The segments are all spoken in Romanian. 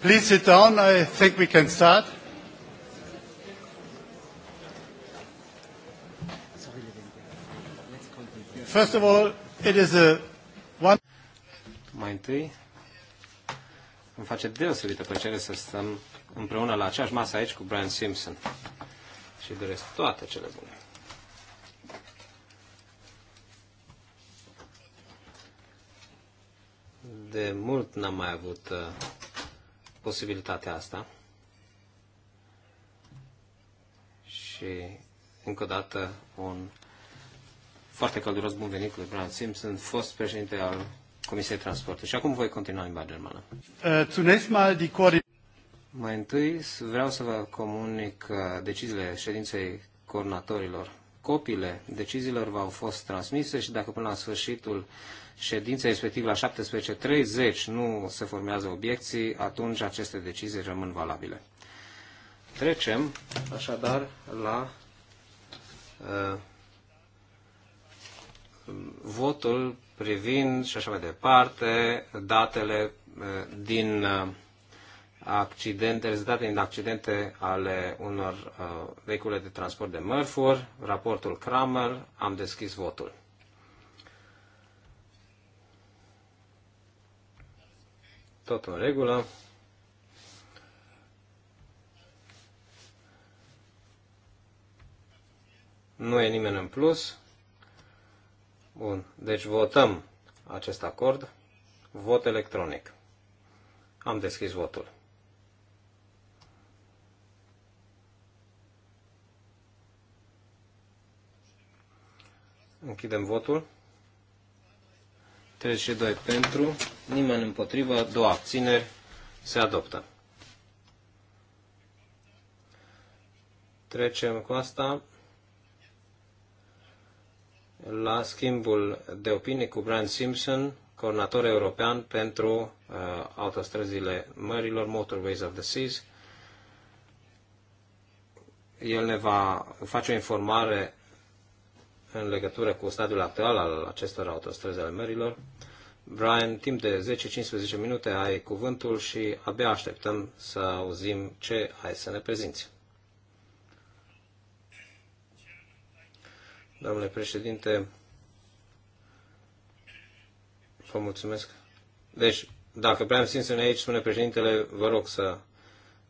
Please sit down. I think we can start. First of all, it is a one... Mai întâi, îmi face deosebită plăcere să stăm împreună la aceeași masă aici cu Brian Simpson. Și doresc toate cele bune. De mult n-am mai avut uh, posibilitatea asta. Și încă o dată un foarte călduros bun venit lui Brian Simpson, fost președinte al Comisiei Transporte. Și acum voi continua în germană. Uh, mai întâi vreau să vă comunic uh, deciziile ședinței coordonatorilor copiile deciziilor v-au fost transmise și dacă până la sfârșitul ședinței, respectiv la 17.30, nu se formează obiecții, atunci aceste decizii rămân valabile. Trecem așadar la uh, votul privind și așa mai departe datele uh, din uh, accidente, rezultate din accidente ale unor uh, vehicule de transport de mărfuri, raportul Kramer, am deschis votul. Tot în regulă. Nu e nimeni în plus. Bun, deci votăm acest acord. Vot electronic. Am deschis votul. Închidem votul. 32 pentru, nimeni împotrivă, două abțineri, se adoptă. Trecem cu asta la schimbul de opinii cu Brian Simpson, coordonator european pentru uh, autostrăzile mărilor, Motorways of the Seas. El ne va face o informare în legătură cu stadiul actual al acestor autostrăzi ale mărilor. Brian, timp de 10-15 minute ai cuvântul și abia așteptăm să auzim ce ai să ne prezinți. Domnule președinte, vă mulțumesc. Deci, dacă Brian am simțit aici, spune președintele, vă rog să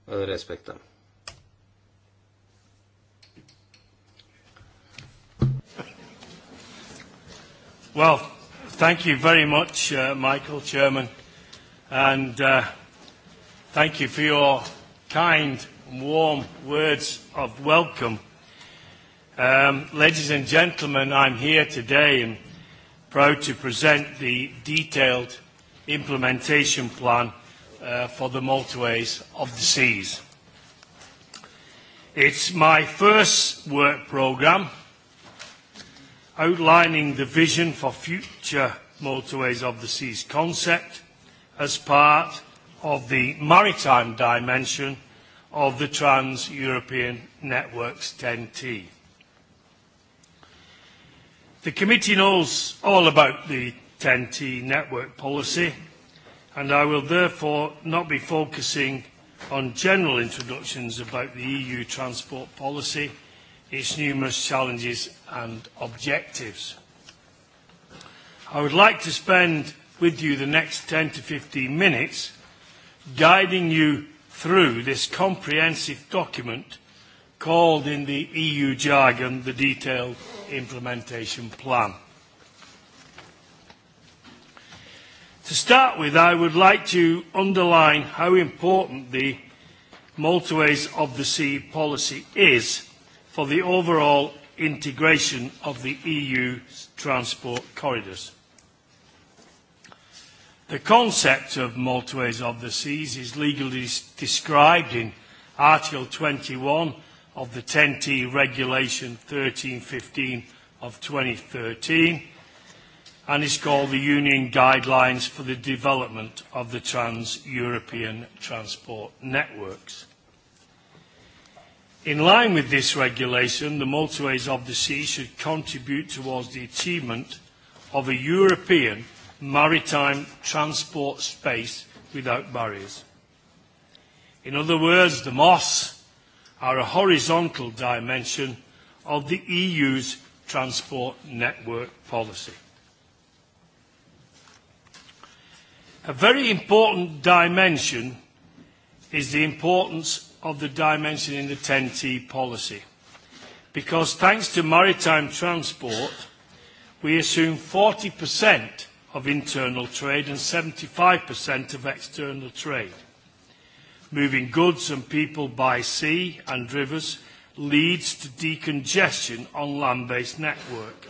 îl respectăm. Well, thank you very much, uh, Michael, Chairman, and uh, thank you for your kind and warm words of welcome. Um, ladies and gentlemen, I'm here today and proud to present the detailed implementation plan uh, for the motorways of the seas. It's my first work programme outlining the vision for future motorways of the seas concept as part of the maritime dimension of the Trans-European Networks 10T. The committee knows all about the 10T network policy and I will therefore not be focusing on general introductions about the EU transport policy, its numerous challenges and objectives. I would like to spend with you the next 10 to 15 minutes guiding you through this comprehensive document called in the EU jargon the Detailed Implementation Plan. To start with, I would like to underline how important the Motorways of the Sea policy is for the overall integration of the EU transport corridors. The concept of motorways of the seas is legally described in Article 21 of the 10T Regulation 1315 of 2013 and is called the Union Guidelines for the Development of the Trans-European Transport Networks. In line with this regulation, the motorways of the sea should contribute towards the achievement of a European maritime transport space without barriers. In other words, the MOS are a horizontal dimension of the EU's transport network policy. A very important dimension is the importance of the dimension in the 10T policy. Because thanks to maritime transport, we assume 40% of internal trade and 75% of external trade. Moving goods and people by sea and rivers leads to decongestion on land-based network.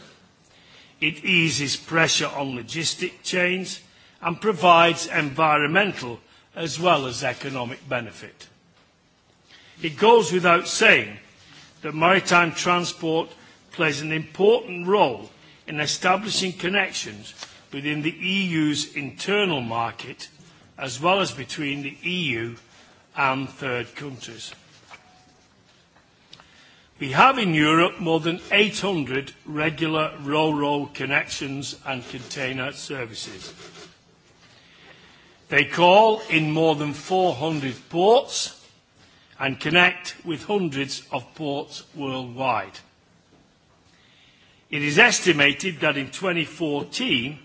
It eases pressure on logistic chains and provides environmental as well as economic benefit. It goes without saying that maritime transport plays an important role in establishing connections within the EU's internal market as well as between the EU and third countries. We have in Europe more than 800 regular ro-ro connections and container services. They call in more than 400 ports and connect with hundreds of ports worldwide. It is estimated that in 2014,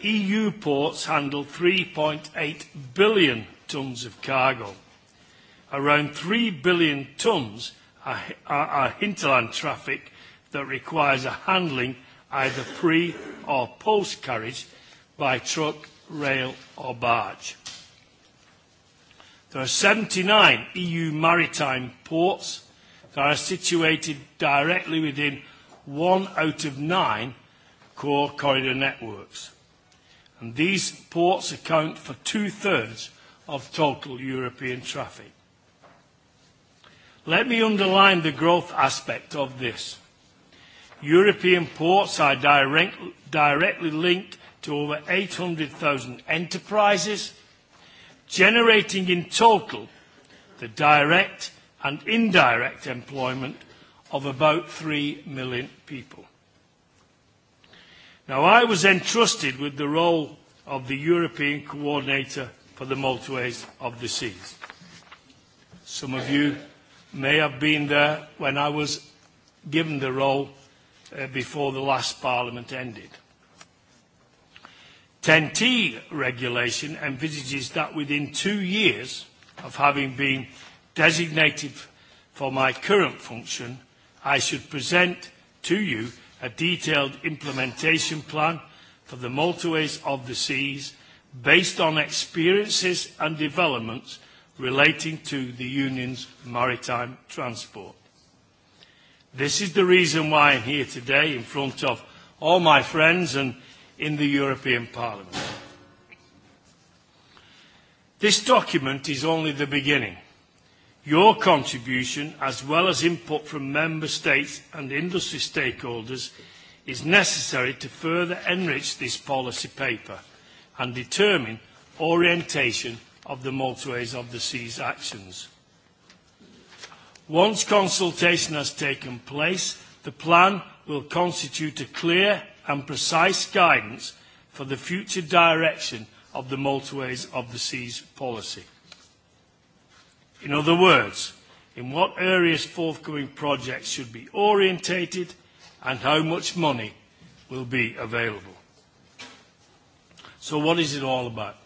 EU ports handled 3.8 billion tonnes of cargo. Around 3 billion tonnes are, are, are hinterland traffic that requires a handling either pre or post carriage by truck, rail or barge. There are 79 EU maritime ports that are situated directly within one out of nine core corridor networks. And these ports account for two-thirds of total European traffic. Let me underline the growth aspect of this. European ports are direct, directly linked to over 800,000 enterprises – generating in total the direct and indirect employment of about 3 million people. Now, I was entrusted with the role of the European Coordinator for the Motorways of the Seas. Some of you may have been there when I was given the role uh, before the last Parliament ended. 10 t regulation envisages that within two years of having been designated for my current function, I should present to you a detailed implementation plan for the motorways of the seas based on experiences and developments relating to the Union's maritime transport. This is the reason why I'm here today in front of all my friends and in the European Parliament. This document is only the beginning. Your contribution, as well as input from Member States and industry stakeholders, is necessary to further enrich this policy paper and determine orientation of the Motorways of the Sea's actions. Once consultation has taken place, the plan will constitute a clear and precise guidance for the future direction of the Motorways of the Seas policy. In other words, in what areas forthcoming projects should be orientated and how much money will be available. So what is it all about?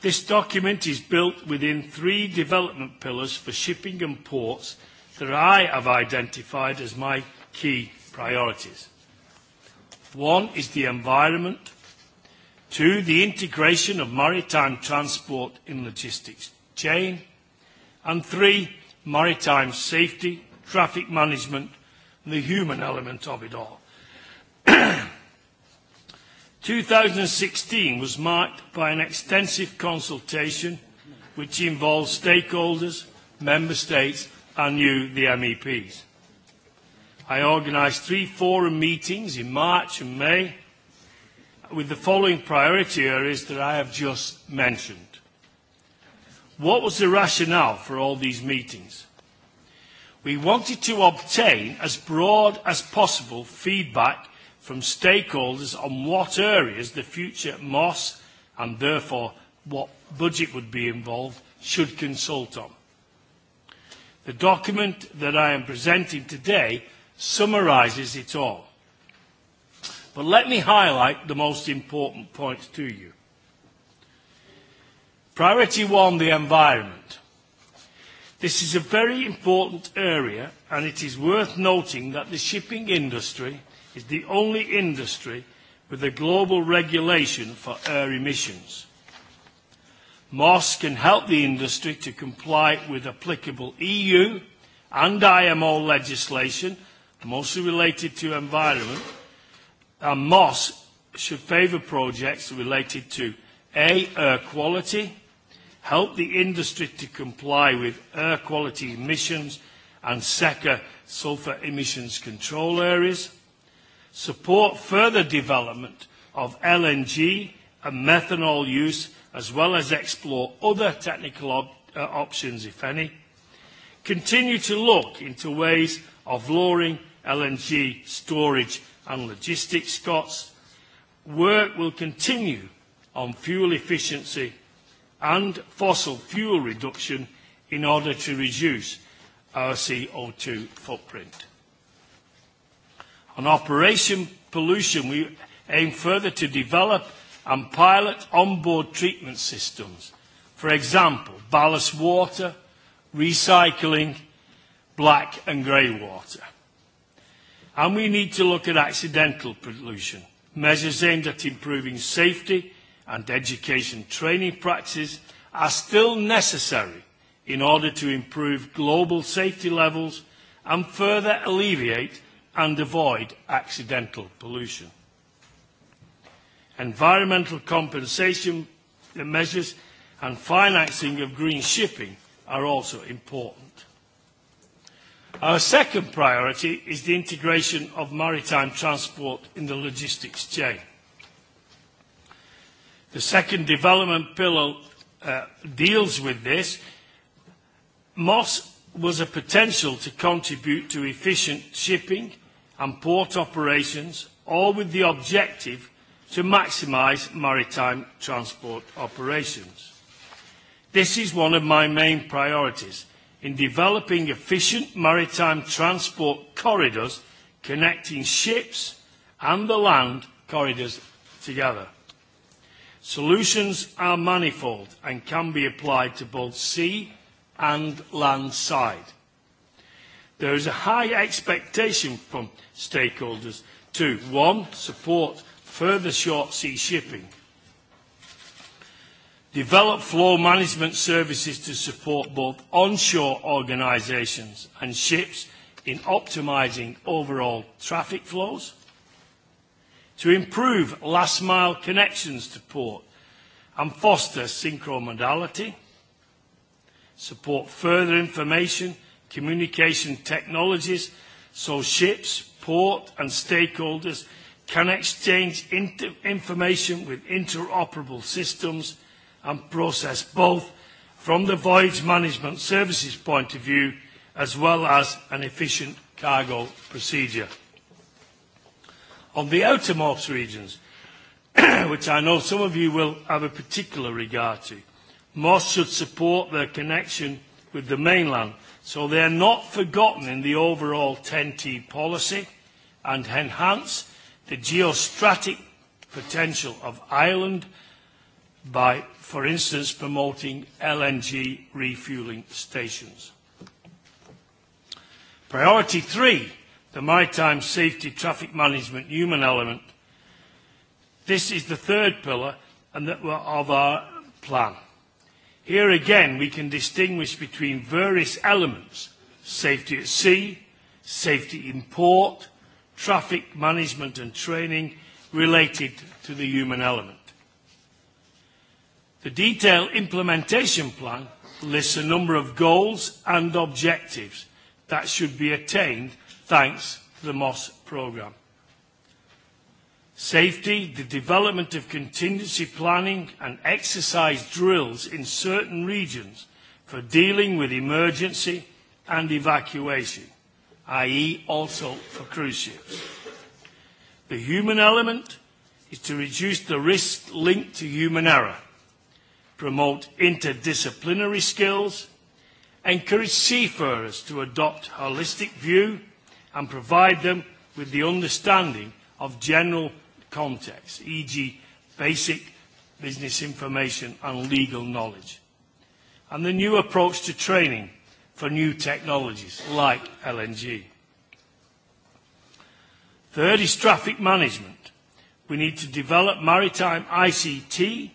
This document is built within three development pillars for shipping and ports that I have identified as my key priorities. One is the environment. Two, the integration of maritime transport in logistics chain. And three, maritime safety, traffic management, and the human element of it all. 2016 was marked by an extensive consultation which involved stakeholders, member states and you, the MEPs. I organised three forum meetings in March and May with the following priority areas that I have just mentioned. What was the rationale for all these meetings? We wanted to obtain as broad as possible feedback from stakeholders on what areas the future MOS and therefore what budget would be involved should consult on. The document that I am presenting today summarizes it all. But let me highlight the most important points to you. Priority one, the environment. This is a very important area and it is worth noting that the shipping industry is the only industry with a global regulation for air emissions. MOS can help the industry to comply with applicable EU and IMO legislation – mostly related to environment, and MOSS should favour projects related to A. Air quality, help the industry to comply with air quality emissions and SECA sulphur emissions control areas, support further development of LNG and methanol use, as well as explore other technical op uh, options, if any, continue to look into ways of lowering LNG storage and logistics costs. Work will continue on fuel efficiency and fossil fuel reduction in order to reduce our CO2 footprint. On operation pollution, we aim further to develop and pilot onboard treatment systems. For example, ballast water, recycling, black and grey water. And we need to look at accidental pollution, measures aimed at improving safety and education training practices are still necessary in order to improve global safety levels and further alleviate and avoid accidental pollution. Environmental compensation measures and financing of green shipping are also important. Our second priority is the integration of maritime transport in the logistics chain. The second development pillar uh, deals with this. MOSS was a potential to contribute to efficient shipping and port operations, all with the objective to maximise maritime transport operations. This is one of my main priorities in developing efficient maritime transport corridors connecting ships and the land corridors together. Solutions are manifold and can be applied to both sea and land side. There is a high expectation from stakeholders to, one, support further short sea shipping – develop flow management services to support both onshore organisations and ships in optimising overall traffic flows, to improve last mile connections to port and foster synchromodality, support further information communication technologies so ships, port and stakeholders can exchange inter information with interoperable systems and process both from the voyage management services point of view as well as an efficient cargo procedure. On the outermost regions, which I know some of you will have a particular regard to, Moss should support their connection with the mainland so they are not forgotten in the overall 10T policy and enhance the geostrategic potential of Ireland by for instance, promoting LNG refueling stations. Priority three, the maritime safety traffic management human element. This is the third pillar and that of our plan. Here again, we can distinguish between various elements, safety at sea, safety in port, traffic management and training related to the human element. The detailed implementation plan lists a number of goals and objectives that should be attained thanks to the Moss programme. Safety, the development of contingency planning and exercise drills in certain regions for dealing with emergency and evacuation, i.e. also for cruise ships. The human element is to reduce the risk linked to human error – promote interdisciplinary skills, encourage seafarers to adopt holistic view and provide them with the understanding of general context, e.g. basic business information and legal knowledge. And the new approach to training for new technologies like LNG. Third is traffic management. We need to develop maritime ICT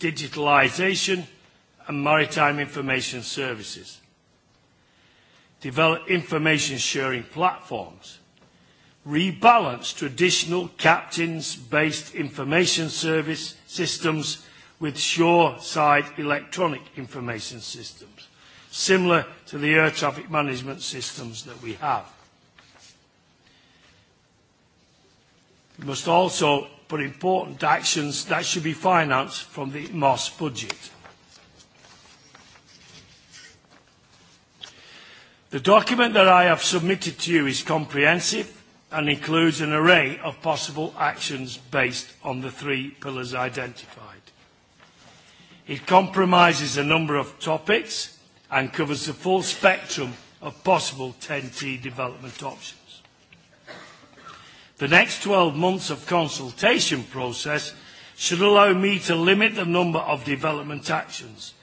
digitalisation and maritime information services. Develop information sharing platforms. Rebalance traditional captains-based information service systems with shore-side electronic information systems, similar to the air traffic management systems that we have. We must also but important actions that should be financed from the MOS budget. The document that I have submitted to you is comprehensive and includes an array of possible actions based on the three pillars identified. It compromises a number of topics and covers the full spectrum of possible 10T development options. The next 12 months of consultation process should allow me to limit the number of development actions.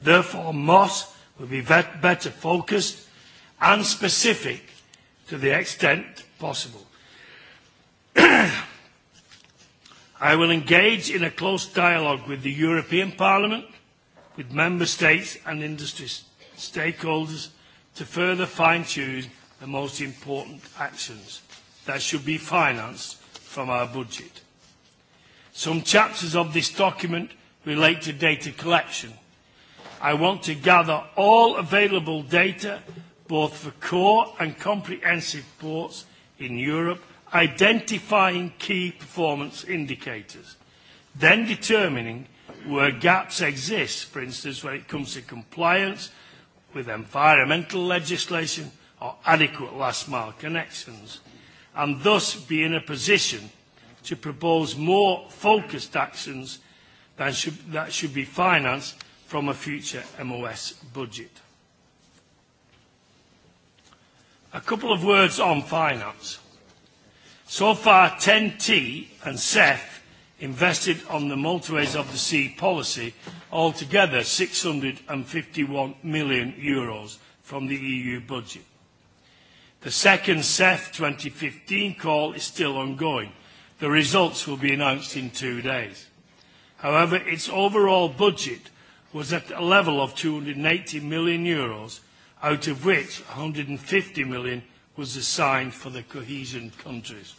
Therefore, MOS will be better focused and specific to the extent possible. I will engage in a close dialogue with the European Parliament, with Member States and industry stakeholders to further fine-tune the most important actions that should be financed from our budget. Some chapters of this document relate to data collection. I want to gather all available data, both for core and comprehensive ports in Europe, identifying key performance indicators, then determining where gaps exist, for instance, when it comes to compliance with environmental legislation or adequate last mile connections, and thus be in a position to propose more focused actions than should, that should be financed from a future MOS budget. A couple of words on finance. So far, 10T and CEF invested on the Multiways of the Sea policy altogether 651 million euros from the EU budget. The second CEF 2015 call is still ongoing. The results will be announced in two days. However, its overall budget was at a level of 280 million euros, out of which 150 million was assigned for the cohesion countries.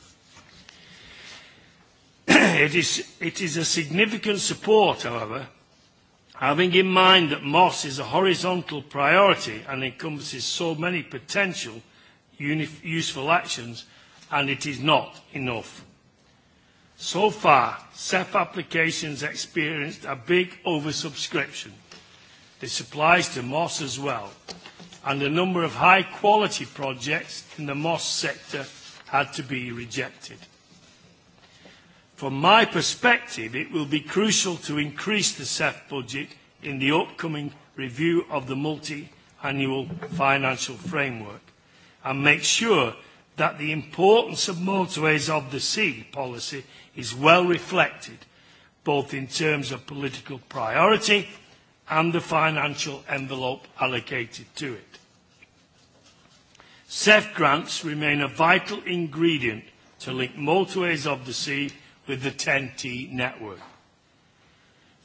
it, is, it is a significant support, however, having in mind that MOSS is a horizontal priority and encompasses so many potential useful actions, and it is not enough. So far, CEF applications experienced a big oversubscription. This applies to MOSS as well, and a number of high-quality projects in the MOSS sector had to be rejected. From my perspective, it will be crucial to increase the CEF budget in the upcoming review of the multi-annual financial framework and make sure that the importance of motorways of the sea policy is well reflected, both in terms of political priority and the financial envelope allocated to it. CEF grants remain a vital ingredient to link motorways of the sea with the TEN-T network.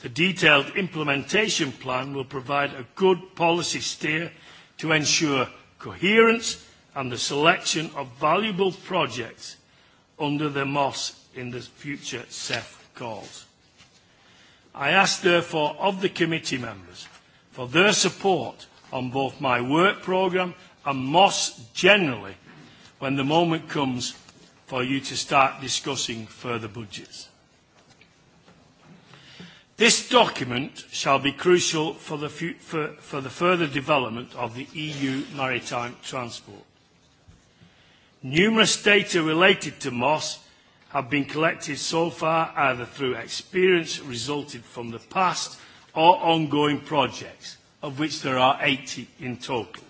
The detailed implementation plan will provide a good policy steer to ensure coherence and the selection of valuable projects under the MOS in the future CEF calls. I ask therefore of the committee members for their support on both my work programme and MOS generally when the moment comes for you to start discussing further budgets. This document shall be crucial for the, for, for the further development of the EU maritime transport Numerous data related to moss have been collected so far either through experience resulted from the past or ongoing projects, of which there are 80 in total,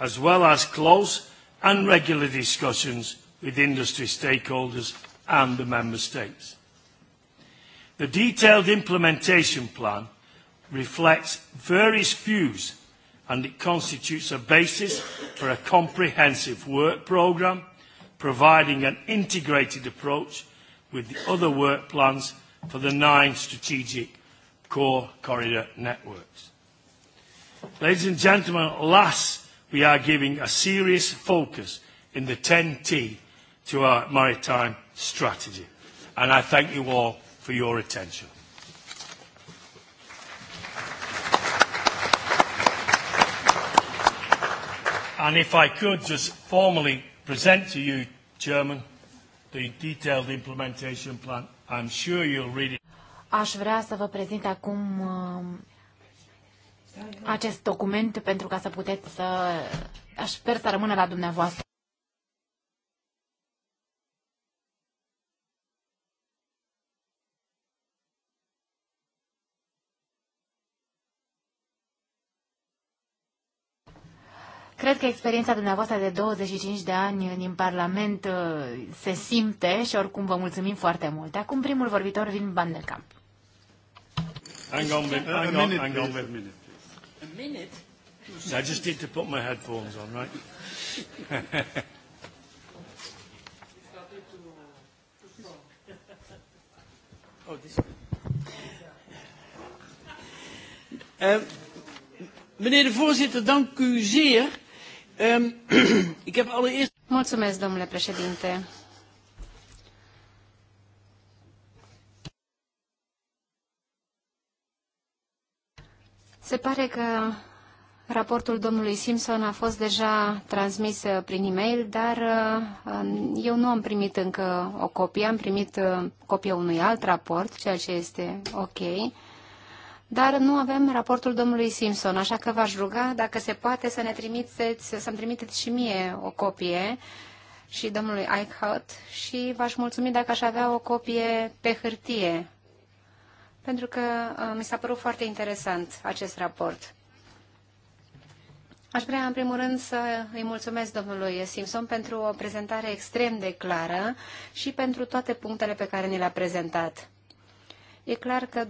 as well as close and regular discussions with industry stakeholders and the Member States. The detailed implementation plan reflects various views and it constitutes a basis for a comprehensive work programme, providing an integrated approach with the other work plans for the nine strategic core corridor networks. Ladies and gentlemen, at last we are giving a serious focus in the 10T to our maritime strategy. And I thank you all for your attention. And if I could just formally present to you, Chairman, the detailed implementation plan. I'm sure you'll read it. Aș vrea să vă prezint acum uh, acest document pentru ca să puteți să... Aș sper să rămână la dumneavoastră. Cred că experiența dumneavoastră de 25 de ani din Parlament uh, se simte și oricum vă mulțumim foarte mult. Acum primul vorbitor, Vin Van der Kamp. Hang on, hang on, hang on, a minute. A minute? I just need to put my headphones on, right? oh, this one. Eh, meneer de voorzitter, dank u zeer. Ehm, Mulțumesc, domnule președinte. Se pare că raportul domnului Simpson a fost deja transmis uh, prin e-mail, dar uh, um, eu nu am primit încă o copie. Am primit uh, copia unui alt raport, ceea ce este ok dar nu avem raportul domnului Simpson, așa că v-aș ruga dacă se poate să ne trimiteți, să-mi trimiteți și mie o copie și domnului Eichhout și v-aș mulțumi dacă aș avea o copie pe hârtie, pentru că uh, mi s-a părut foarte interesant acest raport. Aș vrea, în primul rând, să îi mulțumesc domnului Simpson pentru o prezentare extrem de clară și pentru toate punctele pe care ni le-a prezentat. E clar că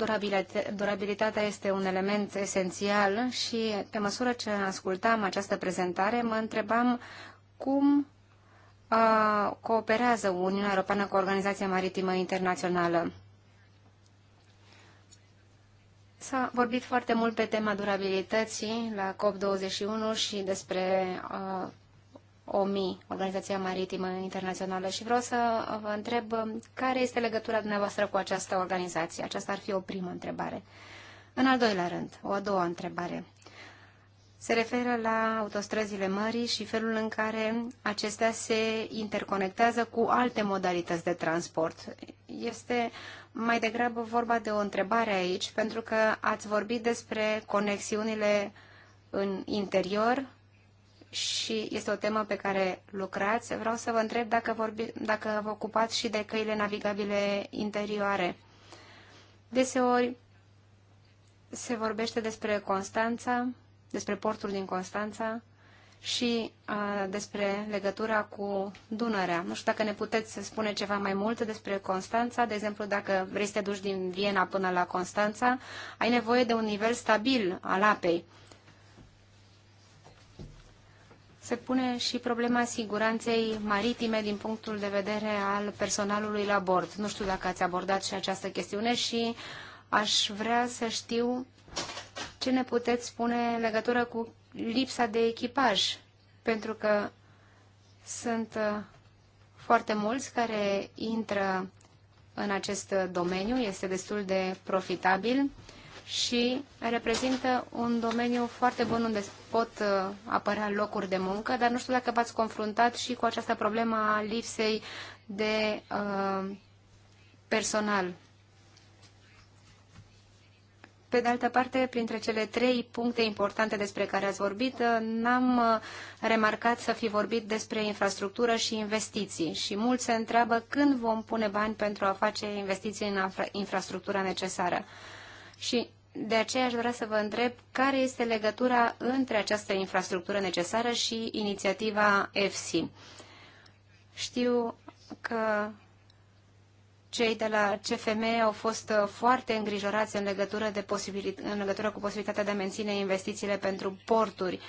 durabilitatea este un element esențial și pe măsură ce ascultam această prezentare, mă întrebam cum uh, cooperează Uniunea Europeană cu Organizația Maritimă Internațională. S-a vorbit foarte mult pe tema durabilității la COP21 și despre uh, OMI, Organizația Maritimă Internațională, și vreau să vă întreb care este legătura dumneavoastră cu această organizație. Aceasta ar fi o primă întrebare. În al doilea rând, o a doua întrebare. Se referă la autostrăzile mării și felul în care acestea se interconectează cu alte modalități de transport. Este mai degrabă vorba de o întrebare aici, pentru că ați vorbit despre conexiunile în interior, și este o temă pe care lucrați. Vreau să vă întreb dacă, vorbi, dacă vă ocupați și de căile navigabile interioare. Deseori se vorbește despre Constanța, despre portul din Constanța și uh, despre legătura cu Dunărea. Nu știu dacă ne puteți spune ceva mai mult despre Constanța. De exemplu, dacă vrei să te duci din Viena până la Constanța, ai nevoie de un nivel stabil al apei se pune și problema siguranței maritime din punctul de vedere al personalului la bord. Nu știu dacă ați abordat și această chestiune și aș vrea să știu ce ne puteți spune în legătură cu lipsa de echipaj, pentru că sunt uh, foarte mulți care intră în acest domeniu, este destul de profitabil și reprezintă un domeniu foarte bun unde pot uh, apărea locuri de muncă, dar nu știu dacă v-ați confruntat și cu această problemă a lipsei de uh, personal. Pe de altă parte, printre cele trei puncte importante despre care ați vorbit, uh, n-am uh, remarcat să fi vorbit despre infrastructură și investiții. Și mulți se întreabă când vom pune bani pentru a face investiții în infrastructura necesară. Uh, și de aceea aș vrea să vă întreb care este legătura între această infrastructură necesară și inițiativa EFSI. Știu că cei de la CFM au fost uh, foarte îngrijorați în legătură, de în legătură cu posibilitatea de a menține investițiile pentru porturi.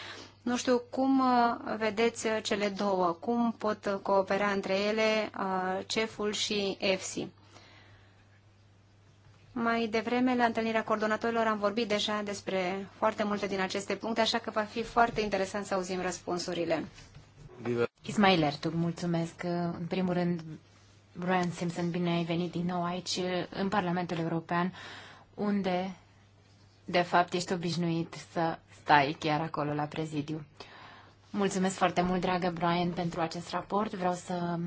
Nu știu cum uh, vedeți uh, cele două, cum pot coopera între ele CEF-ul și EFSI. Mai devreme, la întâlnirea coordonatorilor, am vorbit deja despre foarte multe din aceste puncte, așa că va fi foarte interesant să auzim răspunsurile. Ismail Ertug, mulțumesc. În primul rând, Brian Simpson, bine ai venit din nou aici, în Parlamentul European, unde, de fapt, ești obișnuit să stai chiar acolo la prezidiu. Mulțumesc foarte mult, dragă Brian, pentru acest raport. Vreau să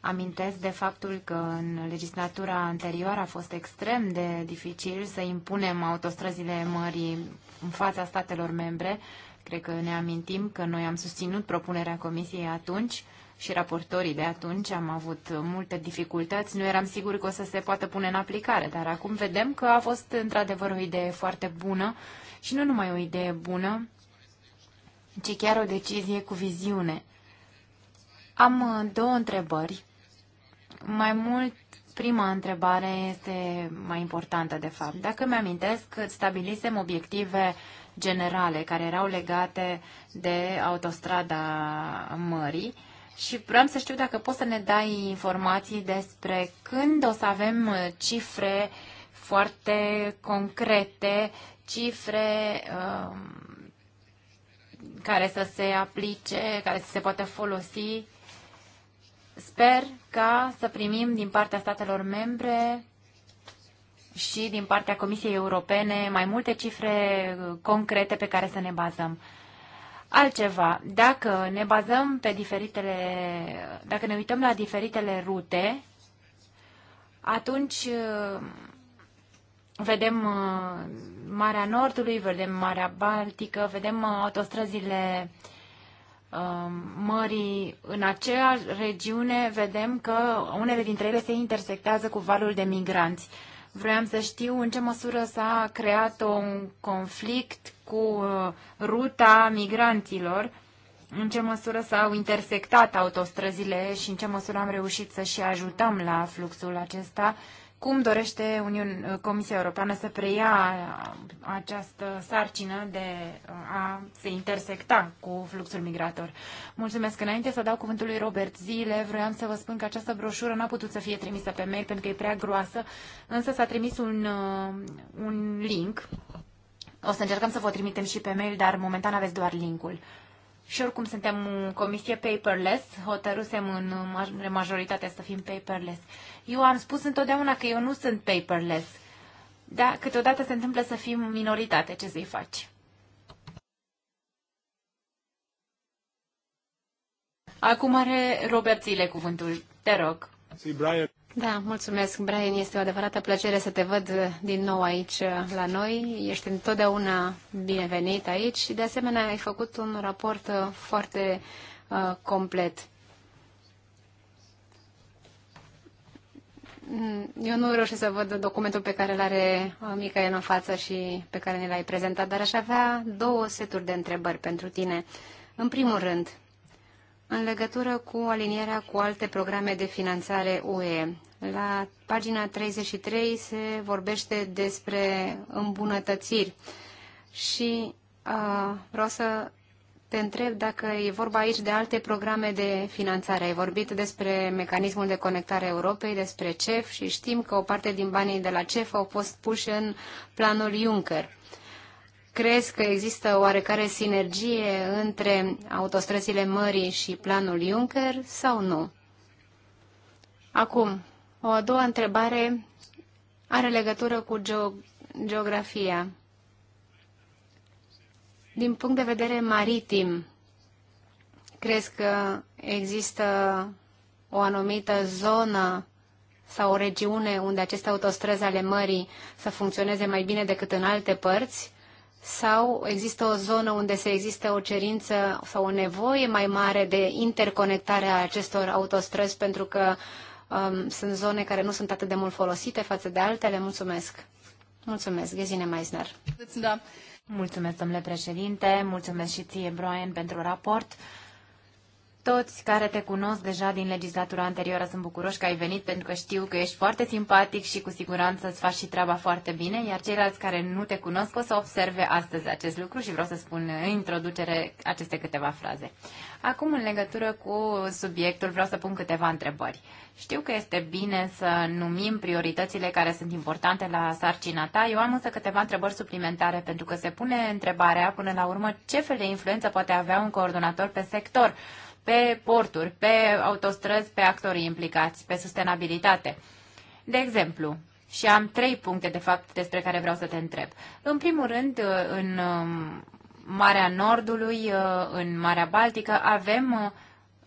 amintesc de faptul că în legislatura anterioară a fost extrem de dificil să impunem autostrăzile mării în fața statelor membre. Cred că ne amintim că noi am susținut propunerea Comisiei atunci și raportorii de atunci am avut multe dificultăți. Nu eram sigur că o să se poată pune în aplicare, dar acum vedem că a fost într-adevăr o idee foarte bună și nu numai o idee bună, ci chiar o decizie cu viziune. Am două întrebări mai mult, prima întrebare este mai importantă, de fapt. Dacă mi-amintesc, stabilisem obiective generale care erau legate de autostrada mării și vreau să știu dacă poți să ne dai informații despre când o să avem cifre foarte concrete, cifre uh, care să se aplice, care să se poată folosi Sper ca să primim din partea statelor membre și din partea Comisiei Europene mai multe cifre concrete pe care să ne bazăm. Altceva, dacă ne bazăm pe diferitele, dacă ne uităm la diferitele rute, atunci vedem uh, Marea Nordului, vedem Marea Baltică, vedem uh, autostrăzile uh, Um, mării în aceeași regiune, vedem că unele dintre ele se intersectează cu valul de migranți. Vroiam să știu în ce măsură s-a creat un conflict cu uh, ruta migranților, în ce măsură s-au intersectat autostrăzile și în ce măsură am reușit să și ajutăm la fluxul acesta cum dorește Uniun, uh, Comisia Europeană să preia uh, această sarcină de uh, a se intersecta cu fluxul migrator? Mulțumesc. Înainte să dau cuvântul lui Robert Zile, vreau să vă spun că această broșură n-a putut să fie trimisă pe mail pentru că e prea groasă, însă s-a trimis un, un link. O să încercăm să vă trimitem și pe mail, dar momentan aveți doar linkul. Și oricum suntem în comisie paperless, Hotărusem în majoritate să fim paperless. Eu am spus întotdeauna că eu nu sunt paperless. dar câteodată se întâmplă să fim minoritate, ce să-i faci? Acum are Robert Zile cuvântul. Te rog. Si, Brian. Da, mulțumesc, Brian. Este o adevărată plăcere să te văd din nou aici la noi. Ești întotdeauna binevenit aici și, de asemenea, ai făcut un raport uh, foarte uh, complet. Mm, eu nu reușesc să văd documentul pe care îl are uh, mica în față și pe care ne l-ai prezentat, dar aș avea două seturi de întrebări pentru tine. În primul rând, în legătură cu alinierea cu alte programe de finanțare UE. La pagina 33 se vorbește despre îmbunătățiri și uh, vreau să te întreb dacă e vorba aici de alte programe de finanțare. Ai vorbit despre mecanismul de conectare a Europei, despre CEF și știm că o parte din banii de la CEF au fost puși în planul Juncker. Uh, crezi că există oarecare sinergie între autostrăzile mării și planul Juncker sau nu? Acum, o a doua întrebare are legătură cu geografia. Din punct de vedere maritim, crezi că există o anumită zonă sau o regiune unde aceste autostrăzi ale mării să funcționeze mai bine decât în alte părți? sau există o zonă unde se există o cerință sau o nevoie mai mare de interconectare a acestor autostrăzi pentru că um, sunt zone care nu sunt atât de mult folosite față de altele? Mulțumesc! Mulțumesc, Ghezine Meisner. Da. Mulțumesc, domnule președinte, mulțumesc și ție, Brian, pentru raport. Toți care te cunosc deja din legislatura anterioară sunt bucuroși că ai venit pentru că știu că ești foarte simpatic și cu siguranță îți faci și treaba foarte bine, iar ceilalți care nu te cunosc o să observe astăzi acest lucru și vreau să spun în introducere aceste câteva fraze. Acum, în legătură cu subiectul, vreau să pun câteva întrebări. Știu că este bine să numim prioritățile care sunt importante la sarcina ta. Eu am însă câteva întrebări suplimentare, pentru că se pune întrebarea, până la urmă, ce fel de influență poate avea un coordonator pe sector pe porturi, pe autostrăzi, pe actorii implicați, pe sustenabilitate. De exemplu, și am trei puncte, de fapt, despre care vreau să te întreb. În primul rând, în um, Marea Nordului, uh, în Marea Baltică, avem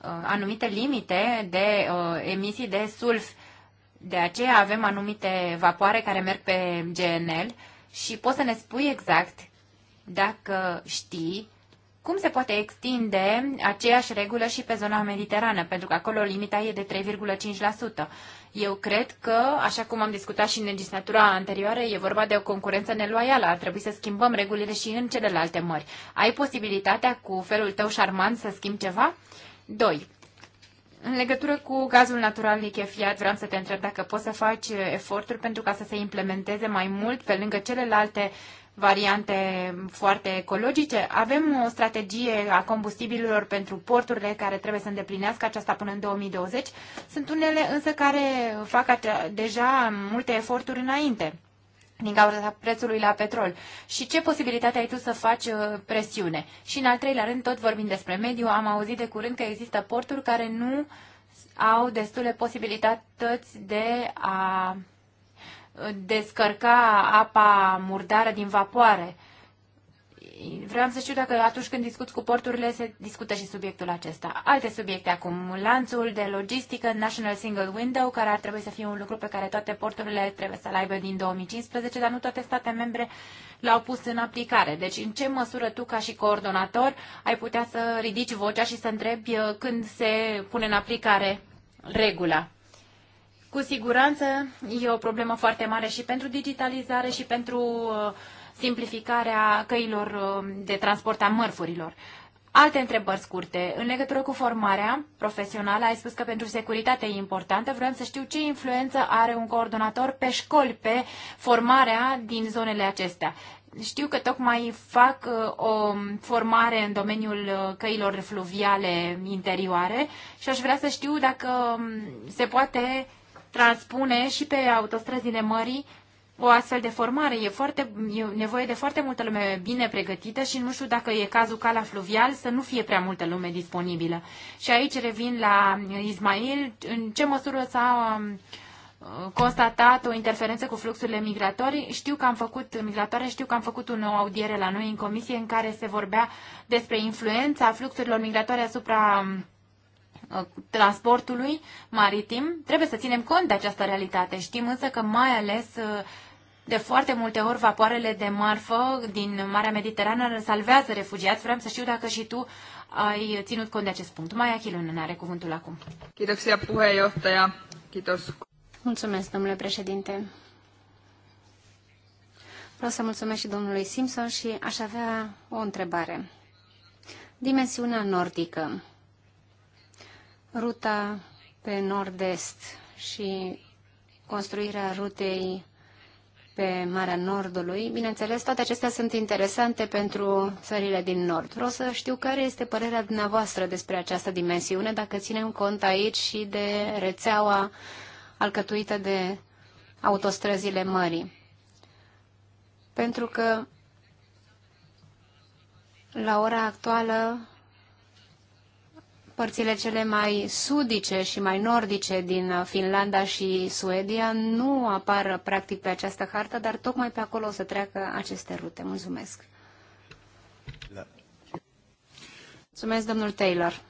uh, anumite limite de uh, emisii de sulf. De aceea avem anumite vapoare care merg pe GNL și poți să ne spui exact dacă știi cum se poate extinde aceeași regulă și pe zona mediterană? Pentru că acolo limita e de 3,5%. Eu cred că, așa cum am discutat și în legislatura anterioară, e vorba de o concurență neloială. Ar trebui să schimbăm regulile și în celelalte mări. Ai posibilitatea cu felul tău șarmant să schimbi ceva? 2. În legătură cu gazul natural lichefiat, vreau să te întreb dacă poți să faci eforturi pentru ca să se implementeze mai mult pe lângă celelalte uh, variante foarte ecologice. Avem o strategie a combustibililor pentru porturile care trebuie să îndeplinească aceasta până în 2020. Sunt unele însă care fac deja multe eforturi înainte din cauza prețului la petrol. Și ce posibilitate ai tu să faci uh, presiune? Și în al treilea rând, tot vorbind despre mediu, am auzit de curând că există porturi care nu au destule posibilități de a descărca apa murdară din vapoare. Vreau să știu dacă atunci când discuți cu porturile se discută și subiectul acesta. Alte subiecte acum, lanțul de logistică, National Single Window, care ar trebui să fie un lucru pe care toate porturile trebuie să-l aibă din 2015, dar nu toate state membre l-au pus în aplicare. Deci în ce măsură tu ca și coordonator ai putea să ridici vocea și să întrebi uh, când se pune în aplicare regula? Cu siguranță e o problemă foarte mare și pentru digitalizare și pentru uh, simplificarea căilor uh, de transport a mărfurilor. Alte întrebări scurte. În legătură cu formarea profesională, ai spus că pentru securitate e importantă. Vreau să știu ce influență are un coordonator pe școli, pe formarea din zonele acestea. Știu că tocmai fac uh, o formare în domeniul căilor fluviale interioare și aș vrea să știu dacă um, se poate transpune și pe autostrăzile mării o astfel de formare. E, foarte, e nevoie de foarte multă lume bine pregătită și nu știu dacă e cazul ca la fluvial să nu fie prea multă lume disponibilă. Și aici revin la Ismail. În ce măsură s-a um, constatat o interferență cu fluxurile migratorii. Știu că am făcut migratoare, știu că am făcut o audiere la noi în comisie în care se vorbea despre influența fluxurilor migratoare asupra um, Uh, transportului maritim, trebuie să ținem cont de această realitate. Știm însă că mai ales uh, de foarte multe ori vapoarele de marfă din Marea Mediterană salvează refugiați. Vreau să știu dacă și tu ai ținut cont de acest punct. Maia Chilunen are cuvântul acum. Mulțumesc, domnule președinte. Vreau să mulțumesc și domnului Simpson și aș avea o întrebare. Dimensiunea nordică ruta pe nord-est și construirea rutei pe Marea Nordului. Bineînțeles, toate acestea sunt interesante pentru țările din Nord. Vreau să știu care este părerea dumneavoastră despre această dimensiune, dacă ținem cont aici și de rețeaua alcătuită de autostrăzile mării. Pentru că la ora actuală părțile cele mai sudice și mai nordice din uh, Finlanda și Suedia nu apar uh, practic pe această hartă, dar tocmai pe acolo o să treacă aceste rute. Mulțumesc. Da. Mulțumesc, domnul Taylor.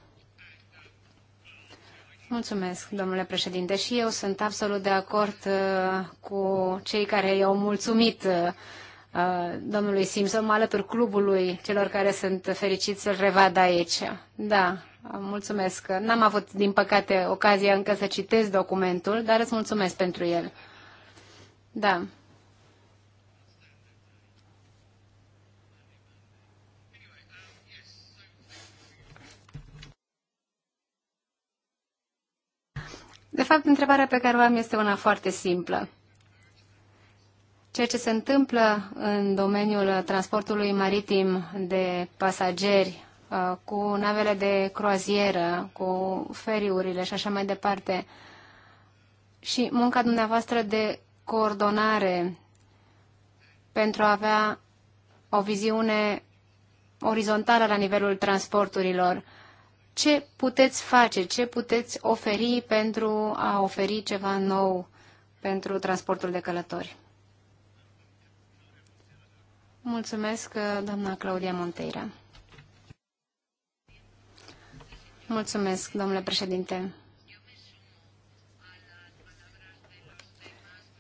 Mulțumesc, domnule președinte. Și eu sunt absolut de acord uh, cu cei care i-au mulțumit domnului Simpson, mă alătur clubului celor care sunt fericiți să-l revadă aici. Da, Mulțumesc. N-am avut, din păcate, ocazia încă să citesc documentul, dar îți mulțumesc pentru el. Da. De fapt, întrebarea pe care o am este una foarte simplă. Ceea ce se întâmplă în domeniul transportului maritim de pasageri Uh, cu navele de croazieră, cu feriurile și așa mai departe. Și munca dumneavoastră de coordonare pentru a avea o viziune orizontală la nivelul transporturilor. Ce puteți face, ce puteți oferi pentru a oferi ceva nou pentru transportul de călători? Mulțumesc, uh, doamna Claudia Monteira. Mulțumesc, domnule președinte.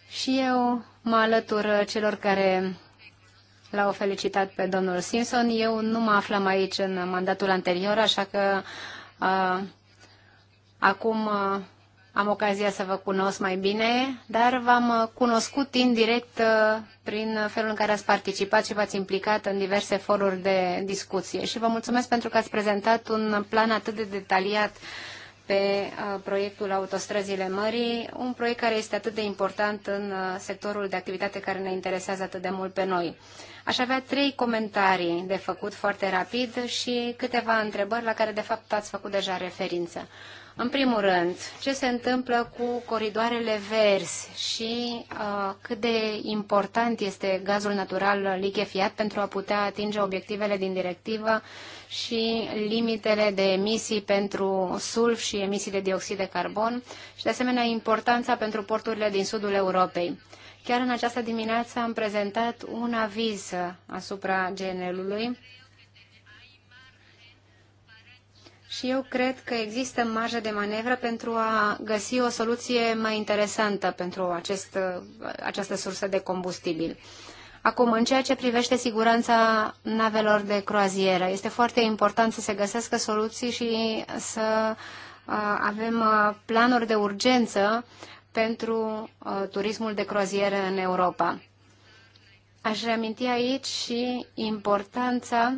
Și eu mă alătur celor care l-au felicitat pe domnul Simpson. Eu nu mă aflam aici în mandatul anterior, așa că uh, acum uh, am ocazia să vă cunosc mai bine, dar v-am uh, cunoscut indirect uh, prin felul în care ați participat și v-ați implicat în diverse foruri de discuție. Și vă mulțumesc pentru că ați prezentat un plan atât de detaliat pe uh, proiectul Autostrăzile Mării, un proiect care este atât de important în sectorul de activitate care ne interesează atât de mult pe noi. Aș avea trei comentarii de făcut foarte rapid și câteva întrebări la care de fapt ați făcut deja referință. În primul rând, ce se întâmplă cu coridoarele verzi și uh, cât de important este gazul natural lichefiat pentru a putea atinge obiectivele din directivă și limitele de emisii pentru sulf și emisii de dioxid de carbon și, de asemenea, importanța pentru porturile din sudul Europei. Chiar în această dimineață am prezentat un aviz asupra GNL-ului și eu cred că există marjă de manevră pentru a găsi o soluție mai interesantă pentru acest, această sursă de combustibil. Acum, în ceea ce privește siguranța navelor de croazieră, este foarte important să se găsească soluții și să avem planuri de urgență pentru turismul de croazieră în Europa. Aș reaminti aici și importanța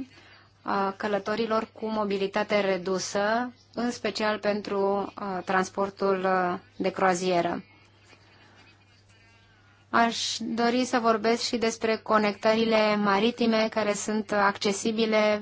călătorilor cu mobilitate redusă, în special pentru transportul de croazieră. Aș dori să vorbesc și despre conectările maritime care sunt accesibile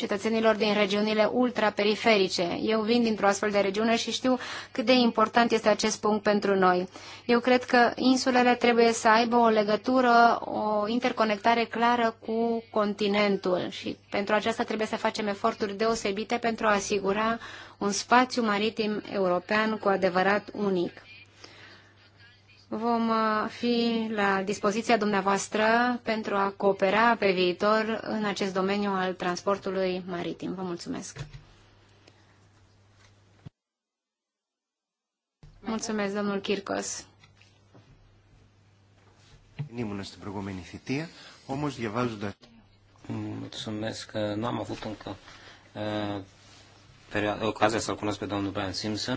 cetățenilor din regiunile ultraperiferice. Eu vin dintr-o astfel de regiune și știu cât de important este acest punct pentru noi. Eu cred că insulele trebuie să aibă o legătură, o interconectare clară cu continentul și pentru aceasta trebuie să facem eforturi deosebite pentru a asigura un spațiu maritim european cu adevărat unic. Vom uh, fi la dispoziția dumneavoastră pentru a coopera pe viitor în acest domeniu al transportului maritim. Vă mulțumesc! Mulțumesc, domnul Kirkos. Ήμουν στην Mulțumesc, nu am avut încă uh, ocazia să-l cunosc pe domnul Brian Simpson.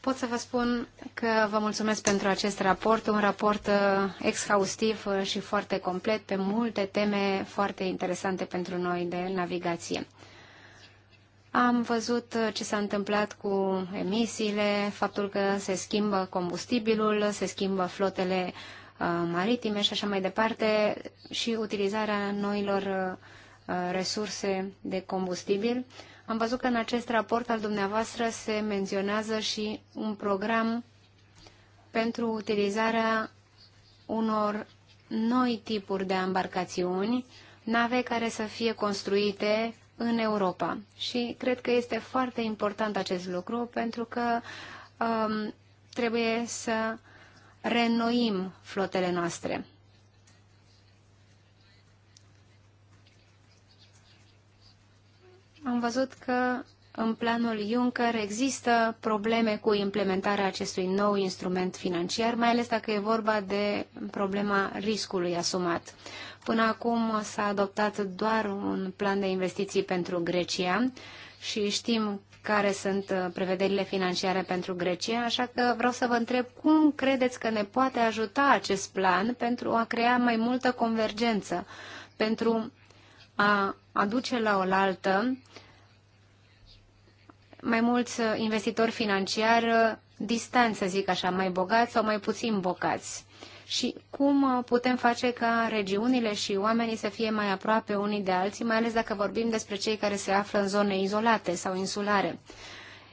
Pot să vă spun că vă mulțumesc pentru acest raport, un raport uh, exhaustiv uh, și foarte complet pe multe teme foarte interesante pentru noi de navigație. Am văzut uh, ce s-a întâmplat cu emisiile, faptul că se schimbă combustibilul, se schimbă flotele maritime și așa mai departe și utilizarea noilor resurse de combustibil am văzut că în acest raport al dumneavoastră se menționează și un program pentru utilizarea unor noi tipuri de embarcațiuni, nave care să fie construite în Europa. Și cred că este foarte important acest lucru pentru că um, trebuie să reînnoim flotele noastre. am văzut că în planul Juncker există probleme cu implementarea acestui nou instrument financiar, mai ales dacă e vorba de problema riscului asumat. Până acum s-a adoptat doar un plan de investiții pentru Grecia și știm care sunt uh, prevederile financiare pentru Grecia, așa că vreau să vă întreb cum credeți că ne poate ajuta acest plan pentru a crea mai multă convergență, pentru a aduce la oaltă mai mulți investitori financiari distanți, să zic așa, mai bogați sau mai puțin bogați și cum putem face ca regiunile și oamenii să fie mai aproape unii de alții, mai ales dacă vorbim despre cei care se află în zone izolate sau insulare.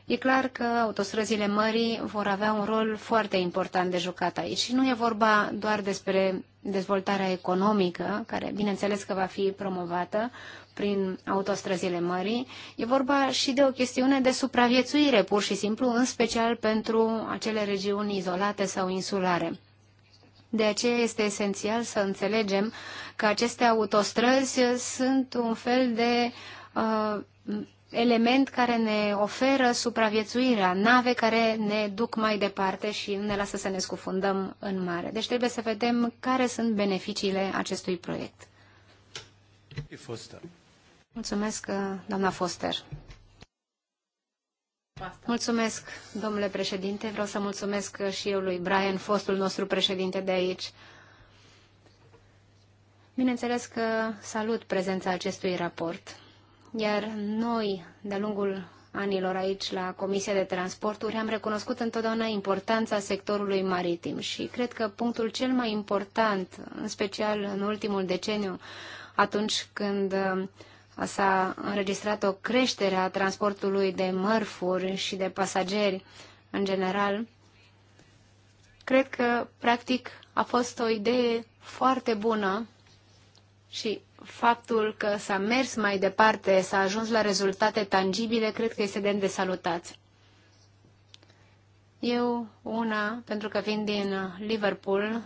E clar că autostrăzile mării vor avea un rol foarte important de jucat aici și nu e vorba doar despre dezvoltarea economică, care bineînțeles că va fi promovată prin autostrăzile mării. E vorba și de o chestiune de supraviețuire, pur și simplu, în special pentru acele regiuni izolate sau insulare. De aceea este esențial să înțelegem că aceste autostrăzi sunt un fel de uh, element care ne oferă supraviețuirea, nave care ne duc mai departe și nu ne lasă să ne scufundăm în mare. Deci trebuie să vedem care sunt beneficiile acestui proiect. Foster. Mulțumesc, uh, doamna Foster. Mulțumesc, domnule președinte. Vreau să mulțumesc și eu lui Brian, fostul nostru președinte de aici. Bineînțeles că salut prezența acestui raport iar noi, de-a lungul anilor aici la Comisia de Transporturi, am recunoscut întotdeauna importanța sectorului maritim și cred că punctul cel mai important, în special în ultimul deceniu, atunci când uh, s-a înregistrat o creștere a transportului de mărfuri și de pasageri în general, cred că, practic, a fost o idee foarte bună și faptul că s-a mers mai departe, s-a ajuns la rezultate tangibile, cred că este demn de salutat. Eu, una, pentru că vin din Liverpool,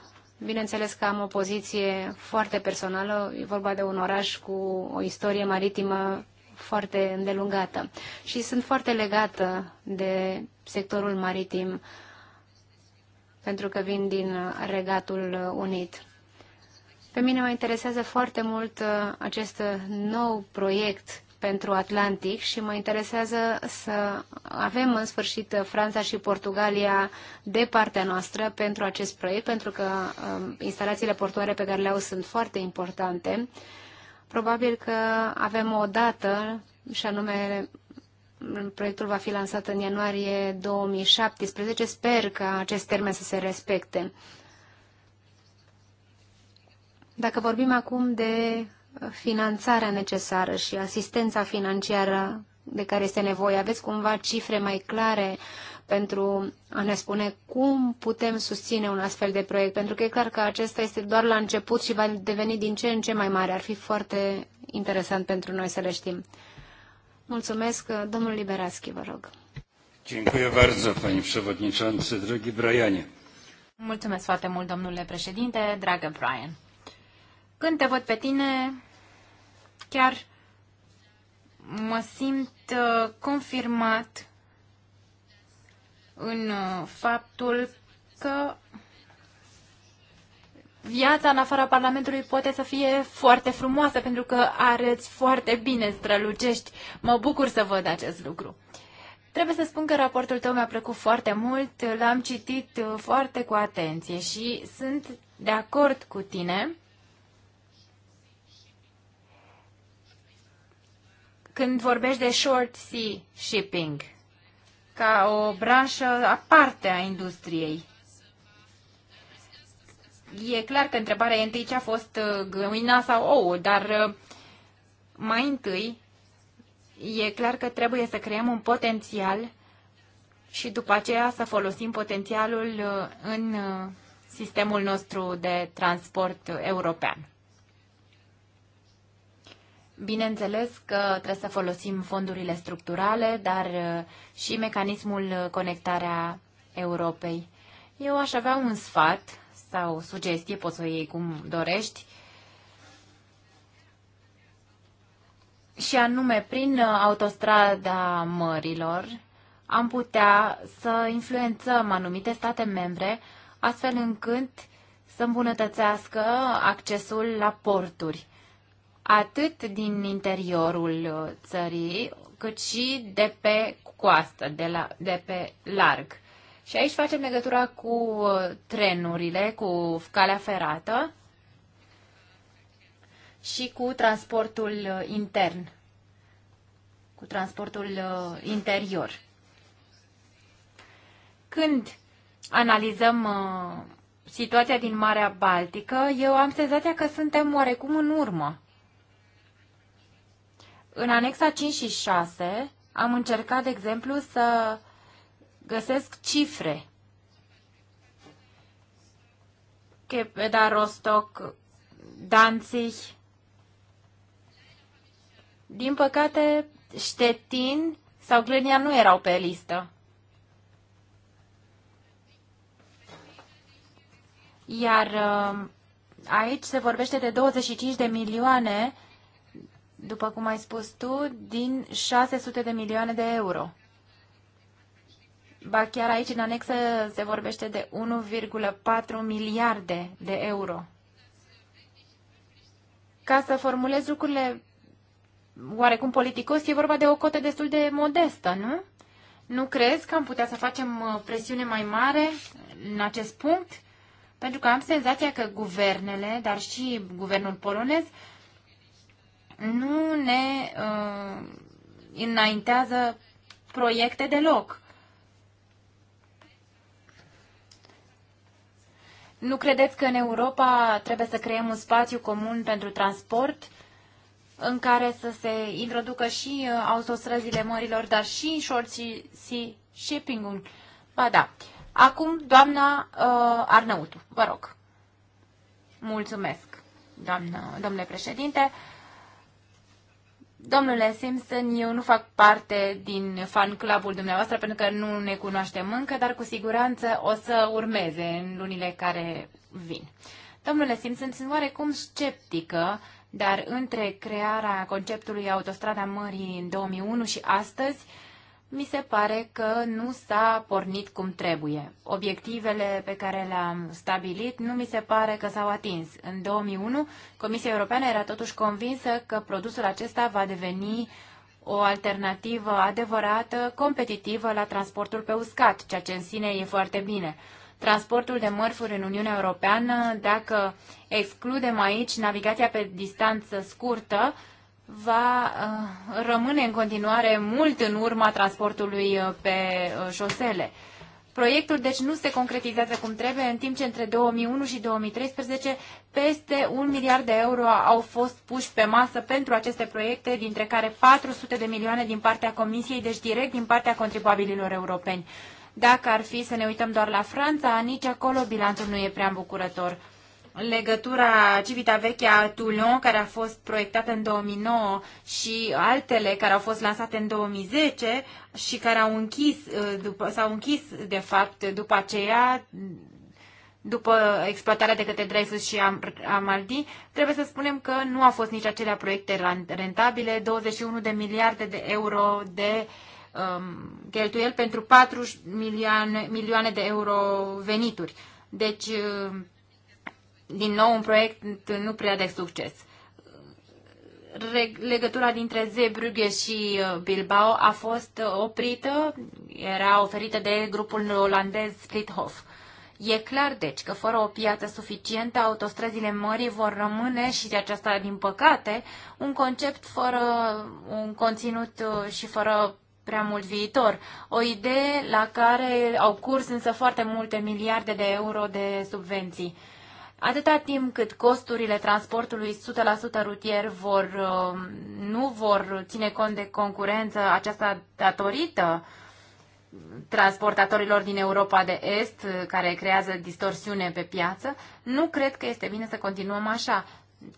bineînțeles că am o poziție foarte personală, e vorba de un oraș cu o istorie maritimă foarte îndelungată și sunt foarte legată de sectorul maritim pentru că vin din Regatul Unit. Pe mine mă interesează foarte mult uh, acest uh, nou proiect pentru Atlantic și mă interesează să avem în sfârșit uh, Franța și Portugalia de partea noastră pentru acest proiect, pentru că um, instalațiile portoare pe care le au sunt foarte importante. Probabil că avem o dată, și anume proiectul va fi lansat în ianuarie 2017. Sper că acest termen să se respecte. Dacă vorbim acum de uh, finanțarea necesară și asistența financiară de care este nevoie, aveți cumva cifre mai clare pentru a ne spune cum putem susține un astfel de proiect, pentru că e clar că acesta este doar la început și va deveni din ce în ce mai mare. Ar fi foarte interesant pentru noi să le știm. Mulțumesc, domnul Liberaschi, vă rog. Dziękuję bardzo, panie przewodniczący, drogi Brianie. Mulțumesc foarte mult, domnule președinte, dragă Brian. Când te văd pe tine, chiar mă simt uh, confirmat în uh, faptul că viața în afara Parlamentului poate să fie foarte frumoasă, pentru că arăți foarte bine, strălucești. Mă bucur să văd acest lucru. Trebuie să spun că raportul tău mi-a plăcut foarte mult, l-am citit uh, foarte cu atenție și sunt de acord cu tine când vorbești de short sea shipping, ca o branșă aparte a industriei. E clar că întrebarea e întâi ce a fost uh, găina sau ouă, dar uh, mai întâi e clar că trebuie să creăm un potențial și după aceea să folosim potențialul uh, în sistemul nostru de transport european. Bineînțeles că trebuie să folosim fondurile structurale, dar uh, și mecanismul conectarea Europei. Eu aș avea un sfat sau sugestie, poți să o iei cum dorești, și anume prin uh, autostrada mărilor am putea să influențăm anumite state membre astfel încât să îmbunătățească accesul la porturi atât din interiorul uh, țării, cât și de pe coastă, de, la, de pe larg. Și aici facem legătura cu uh, trenurile, cu calea ferată și cu transportul uh, intern, cu transportul interior. Când analizăm situația din Marea Baltică, eu am senzația că suntem oarecum în urmă. În anexa 5 și 6 am încercat, de exemplu, să găsesc cifre. Kepeda, Rostock, Danzig. Din păcate, Ștetin sau Glenia nu erau pe listă. Iar um, aici se vorbește de 25 de milioane după cum ai spus tu, din 600 de milioane de euro. Ba chiar aici, în anexă, se vorbește de 1,4 miliarde de euro. Ca să formulez lucrurile oarecum politicos, e vorba de o cotă destul de modestă, nu? Nu crezi că am putea să facem uh, presiune mai mare în acest punct? Pentru că am senzația că guvernele, dar și guvernul polonez, nu ne uh, înaintează proiecte deloc. Nu credeți că în Europa trebuie să creăm un spațiu comun pentru transport în care să se introducă și uh, autostrăzile mărilor, dar și short sea shipping-ul? Ba da. Acum, doamna uh, Arnăutu, vă rog. Mulțumesc, doamnă, domnule președinte. Domnule Simpson, eu nu fac parte din fan clubul dumneavoastră pentru că nu ne cunoaștem încă, dar cu siguranță o să urmeze în lunile care vin. Domnule Simpson, sunt oarecum sceptică, dar între crearea conceptului Autostrada Mării în 2001 și astăzi, mi se pare că nu s-a pornit cum trebuie. Obiectivele pe care le-am stabilit nu mi se pare că s-au atins. În 2001, Comisia Europeană era totuși convinsă că produsul acesta va deveni o alternativă adevărată, competitivă la transportul pe uscat, ceea ce în sine e foarte bine. Transportul de mărfuri în Uniunea Europeană, dacă excludem aici navigația pe distanță scurtă, va uh, rămâne în continuare mult în urma transportului uh, pe uh, șosele. Proiectul deci nu se concretizează cum trebuie, în timp ce între 2001 și 2013 peste un miliard de euro au fost puși pe masă pentru aceste proiecte, dintre care 400 de milioane din partea Comisiei, deci direct din partea contribuabililor europeni. Dacă ar fi să ne uităm doar la Franța, nici acolo bilanțul nu e prea îmbucurător legătura Civita a Toulon, care a fost proiectată în 2009 și altele care au fost lansate în 2010 și care au închis, uh, după, s-au închis, de fapt, după aceea, după exploatarea de către Dreyfus și Amaldi, trebuie să spunem că nu au fost nici acelea proiecte rentabile, 21 de miliarde de euro de um, cheltuieli pentru 4 milioane, milioane de euro venituri. Deci, uh, din nou un proiect nu prea de succes. Legătura dintre Zeebrugge și uh, Bilbao a fost uh, oprită, era oferită de grupul olandez Splithof. E clar, deci, că fără o piață suficientă, autostrăzile mării vor rămâne, și de aceasta, din păcate, un concept fără un conținut uh, și fără prea mult viitor. O idee la care au curs însă foarte multe miliarde de euro de subvenții. Atâta timp cât costurile transportului 100% rutier vor, um, nu vor ține cont de concurență, aceasta datorită transportatorilor din Europa de Est, care creează distorsiune pe piață, nu cred că este bine să continuăm așa.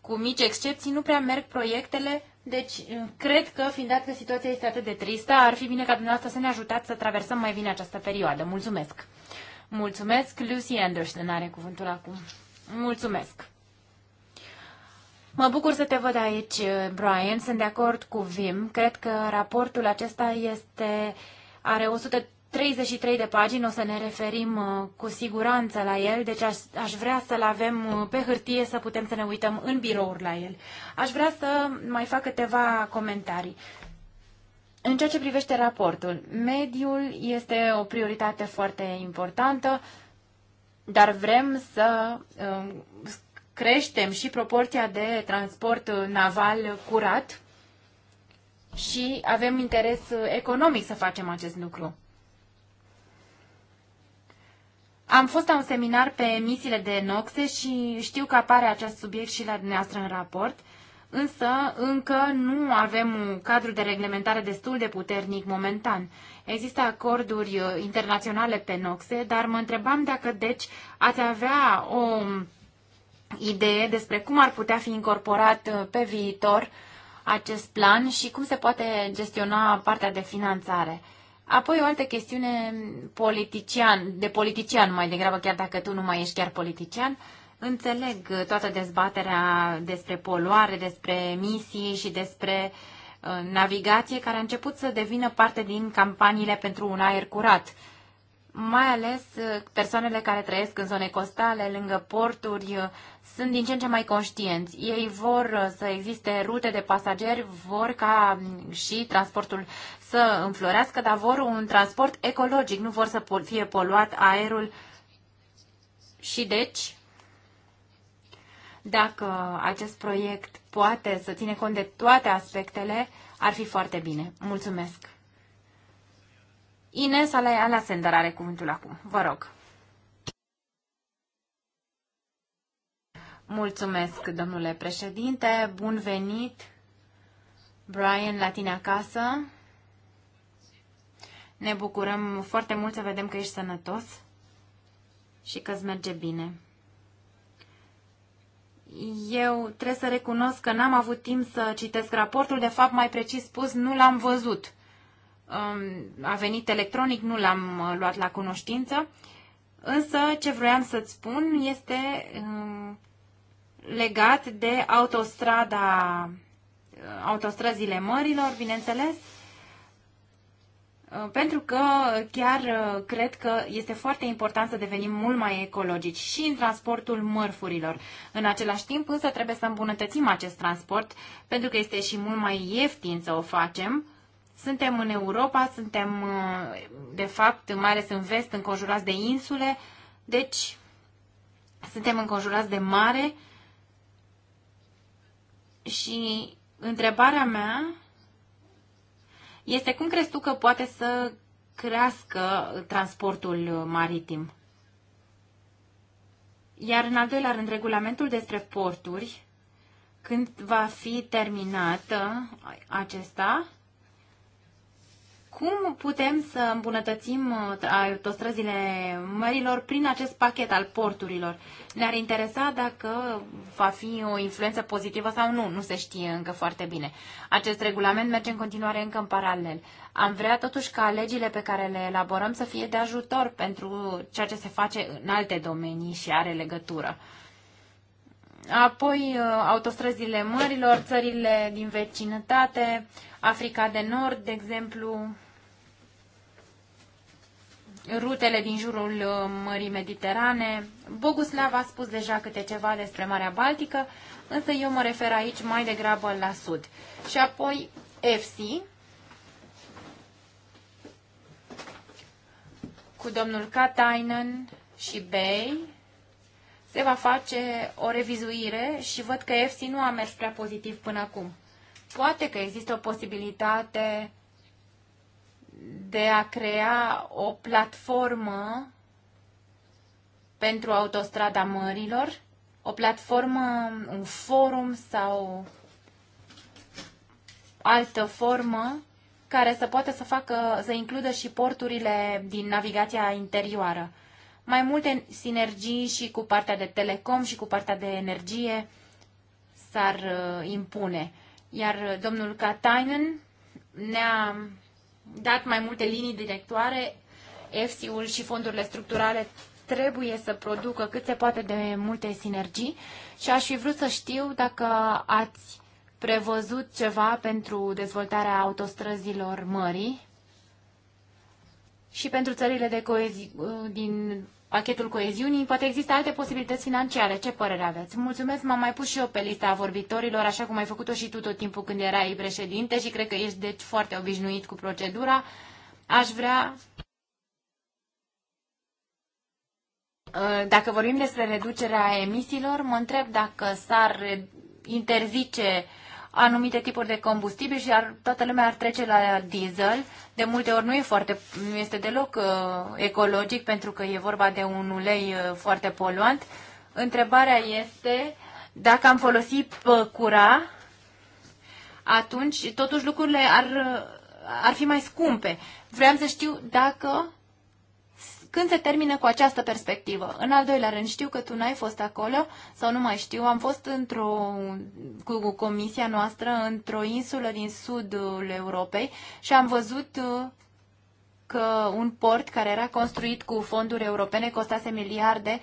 Cu mici excepții nu prea merg proiectele, deci uh, cred că, fiind dat că situația este atât de tristă, ar fi bine ca dumneavoastră să ne ajutați să traversăm mai bine această perioadă. Mulțumesc! Mulțumesc! Lucy Anderson are cuvântul acum. Mulțumesc! Mă bucur să te văd aici, Brian. Sunt de acord cu Vim. Cred că raportul acesta este, are 133 de pagini. O să ne referim uh, cu siguranță la el, deci aș, aș vrea să-l avem uh, pe hârtie să putem să ne uităm în birouri la el. Aș vrea să mai fac câteva comentarii. În ceea ce privește raportul, mediul este o prioritate foarte importantă. Uh, dar vrem să um, creștem și proporția de transport naval curat și avem interes economic să facem acest lucru. Am fost la un seminar pe emisiile de noxe și știu că apare acest subiect și la dumneavoastră în raport, însă încă nu avem un cadru de reglementare destul de puternic momentan. Există acorduri uh, internaționale pe noxe, dar mă întrebam dacă, deci, ați avea o idee despre cum ar putea fi incorporat uh, pe viitor acest plan și cum se poate gestiona partea de finanțare. Apoi o altă chestiune politician, de politician mai degrabă, chiar dacă tu nu mai ești chiar politician, înțeleg uh, toată dezbaterea despre poluare, despre emisii și despre uh, Uh, navigație care a început să devină parte din campaniile pentru un aer curat. Mai ales uh, persoanele care trăiesc în zone costale, lângă porturi, uh, sunt din ce în ce mai conștienți. Ei vor să existe rute de pasageri, vor ca mm, și transportul să înflorească, dar vor un transport ecologic, nu vor să fie poluat aerul și deci dacă acest proiect poate să ține cont de toate aspectele, ar fi foarte bine. Mulțumesc! Ines Alasender are cuvântul acum. Vă rog. Mulțumesc, domnule președinte. Bun venit, Brian, la tine acasă. Ne bucurăm foarte mult să vedem că ești sănătos și că îți merge bine eu trebuie să recunosc că n-am avut timp să citesc raportul, de fapt, mai precis spus, nu l-am văzut. Um, a venit electronic, nu l-am uh, luat la cunoștință, însă ce vroiam să-ți spun este um, legat de autostrada, uh, autostrăzile mărilor, bineînțeles, Uh, pentru că chiar uh, cred că este foarte important să devenim mult mai ecologici și în transportul mărfurilor. În același timp însă trebuie să îmbunătățim acest transport pentru că este și mult mai ieftin să o facem. Suntem în Europa, suntem uh, de fapt mai ales în vest înconjurați de insule, deci suntem înconjurați de mare și întrebarea mea este cum crezi tu că poate să crească transportul maritim? Iar în al doilea rând, regulamentul despre porturi, când va fi terminat uh, acesta, cum putem să îmbunătățim uh, autostrăzile mărilor prin acest pachet al porturilor? Ne-ar interesa dacă va fi o influență pozitivă sau nu, nu se știe încă foarte bine. Acest regulament merge în continuare încă în paralel. Am vrea totuși ca legile pe care le elaborăm să fie de ajutor pentru ceea ce se face în alte domenii și are legătură. Apoi uh, autostrăzile mărilor, țările din vecinătate, Africa de Nord, de exemplu, rutele din jurul uh, Mării Mediterane. Boguslav a spus deja câte ceva despre Marea Baltică, însă eu mă refer aici mai degrabă la sud. Și apoi EFSI, cu domnul Katainen și Bay, se va face o revizuire și văd că EFSI nu a mers prea pozitiv până acum. Poate că există o posibilitate de a crea o platformă pentru autostrada mărilor, o platformă, un forum sau altă formă care să poată să facă, să includă și porturile din navigația interioară mai multe sinergii și cu partea de telecom și cu partea de energie s-ar uh, impune. Iar uh, domnul Katainen ne-a dat mai multe linii directoare, EFSI-ul și fondurile structurale trebuie să producă cât se poate de multe sinergii și aș fi vrut să știu dacă ați prevăzut ceva pentru dezvoltarea autostrăzilor mării și pentru țările de coezi, uh, din pachetul coeziunii, poate există alte posibilități financiare. Ce părere aveți? Mulțumesc, m-am mai pus și eu pe lista vorbitorilor, așa cum ai făcut-o și tu tot timpul când erai președinte și cred că ești deci foarte obișnuit cu procedura. Aș vrea uh, Dacă vorbim despre reducerea emisiilor, mă întreb dacă s-ar interzice anumite tipuri de combustibil și ar, toată lumea ar trece la diesel. De multe ori nu, e foarte, nu este deloc uh, ecologic pentru că e vorba de un ulei uh, foarte poluant. Întrebarea este dacă am folosit păcura, atunci totuși lucrurile ar, uh, ar fi mai scumpe. Vreau să știu dacă când se termină cu această perspectivă? În al doilea rând, știu că tu n-ai fost acolo sau nu mai știu. Am fost într-o, cu comisia noastră într-o insulă din sudul Europei și am văzut uh, că un port care era construit cu fonduri europene costase miliarde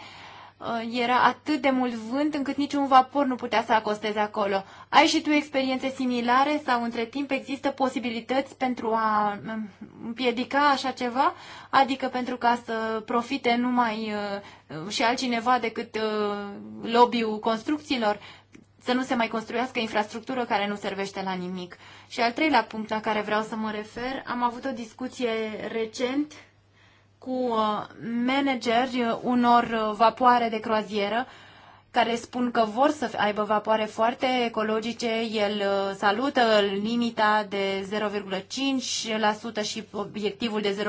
Uh, era atât de mult vânt încât niciun vapor nu putea să acosteze acolo. Ai și tu experiențe similare sau între timp există posibilități pentru a um, împiedica așa ceva? Adică pentru ca să profite numai uh, și altcineva decât uh, lobby-ul construcțiilor? Să nu se mai construiască infrastructură care nu servește la nimic. Și al treilea punct la care vreau să mă refer, am avut o discuție recent cu uh, manageri uh, unor uh, vapoare de croazieră care spun că vor să aibă vapoare foarte ecologice. El salută limita de 0,5% și obiectivul de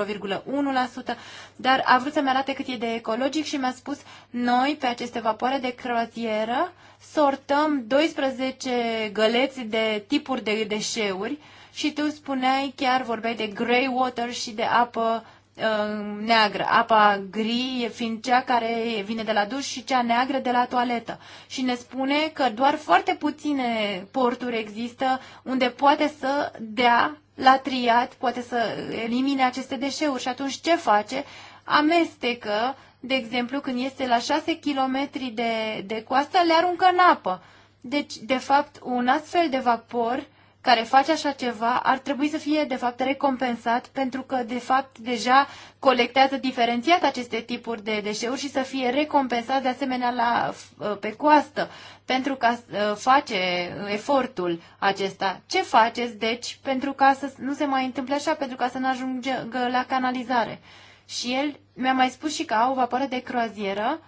0,1%, dar a vrut să-mi arate cât e de ecologic și mi-a spus noi pe aceste vapoare de croazieră sortăm 12 găleți de tipuri de deșeuri și tu spuneai, chiar vorbeai de grey water și de apă Uh, neagră, apa gri fiind cea care vine de la duș și cea neagră de la toaletă. Și ne spune că doar foarte puține porturi există unde poate să dea la triat, poate să elimine aceste deșeuri. Și atunci ce face? Amestecă, de exemplu, când este la 6 km de, de coastă, le aruncă în apă. Deci, de fapt, un astfel de vapor uh, care face așa ceva ar trebui să fie, de fapt, recompensat pentru că, de fapt, deja colectează diferențiat aceste tipuri de deșeuri și să fie recompensat, de asemenea, la, pe coastă pentru ca uh, face efortul acesta. Ce faceți, deci, pentru ca să nu se mai întâmple așa, pentru ca să nu ajungă la canalizare? Și el mi-a mai spus și că au o vapoare de croazieră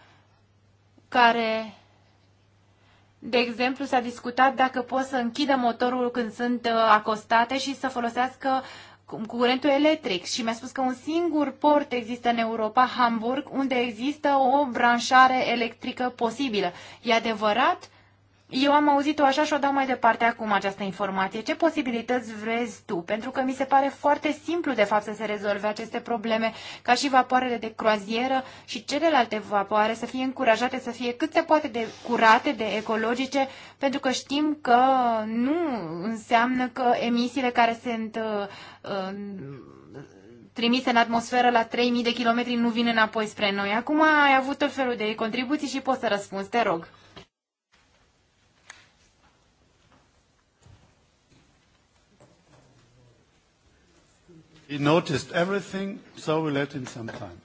care de exemplu, s-a discutat dacă pot să închidă motorul când sunt uh, acostate și să folosească curentul electric și mi-a spus că un singur port există în Europa, Hamburg, unde există o branșare electrică posibilă. E adevărat? Eu am auzit-o așa și o dau mai departe acum această informație. Ce posibilități vrezi tu? Pentru că mi se pare foarte simplu, de fapt, să se rezolve aceste probleme, ca și vapoarele de croazieră și celelalte vapoare să fie încurajate să fie cât se poate de curate, de ecologice, pentru că știm că nu înseamnă că emisiile care sunt uh, uh trimise în atmosferă la 3000 de kilometri nu vin înapoi spre noi. Acum ai avut tot felul de contribuții și poți să răspunzi, te rog. He noticed everything, so we let him some time.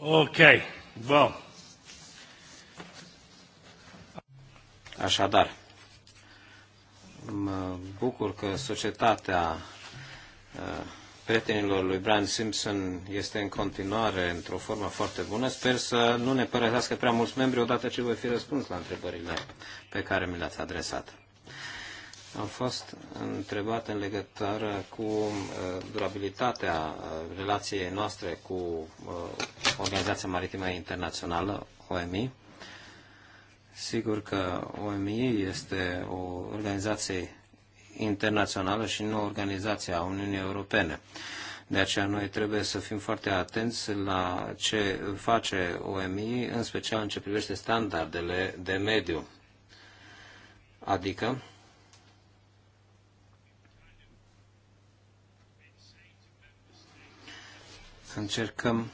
Okay, well, Așadar, mă bucur că societatea uh, prietenilor lui Brian Simpson este în continuare într-o formă foarte bună. Sper să nu ne părăsească prea mulți membri odată ce voi fi răspuns la întrebările pe care mi le-ați adresat. Am fost întrebat în legătură cu uh, durabilitatea uh, relației noastre cu uh, Organizația Maritimă Internațională, OMI. Sigur că OMI este o organizație internațională și nu organizația a Uniunii Europene. De aceea noi trebuie să fim foarte atenți la ce face OMI, în special în ce privește standardele de mediu. Adică, încercăm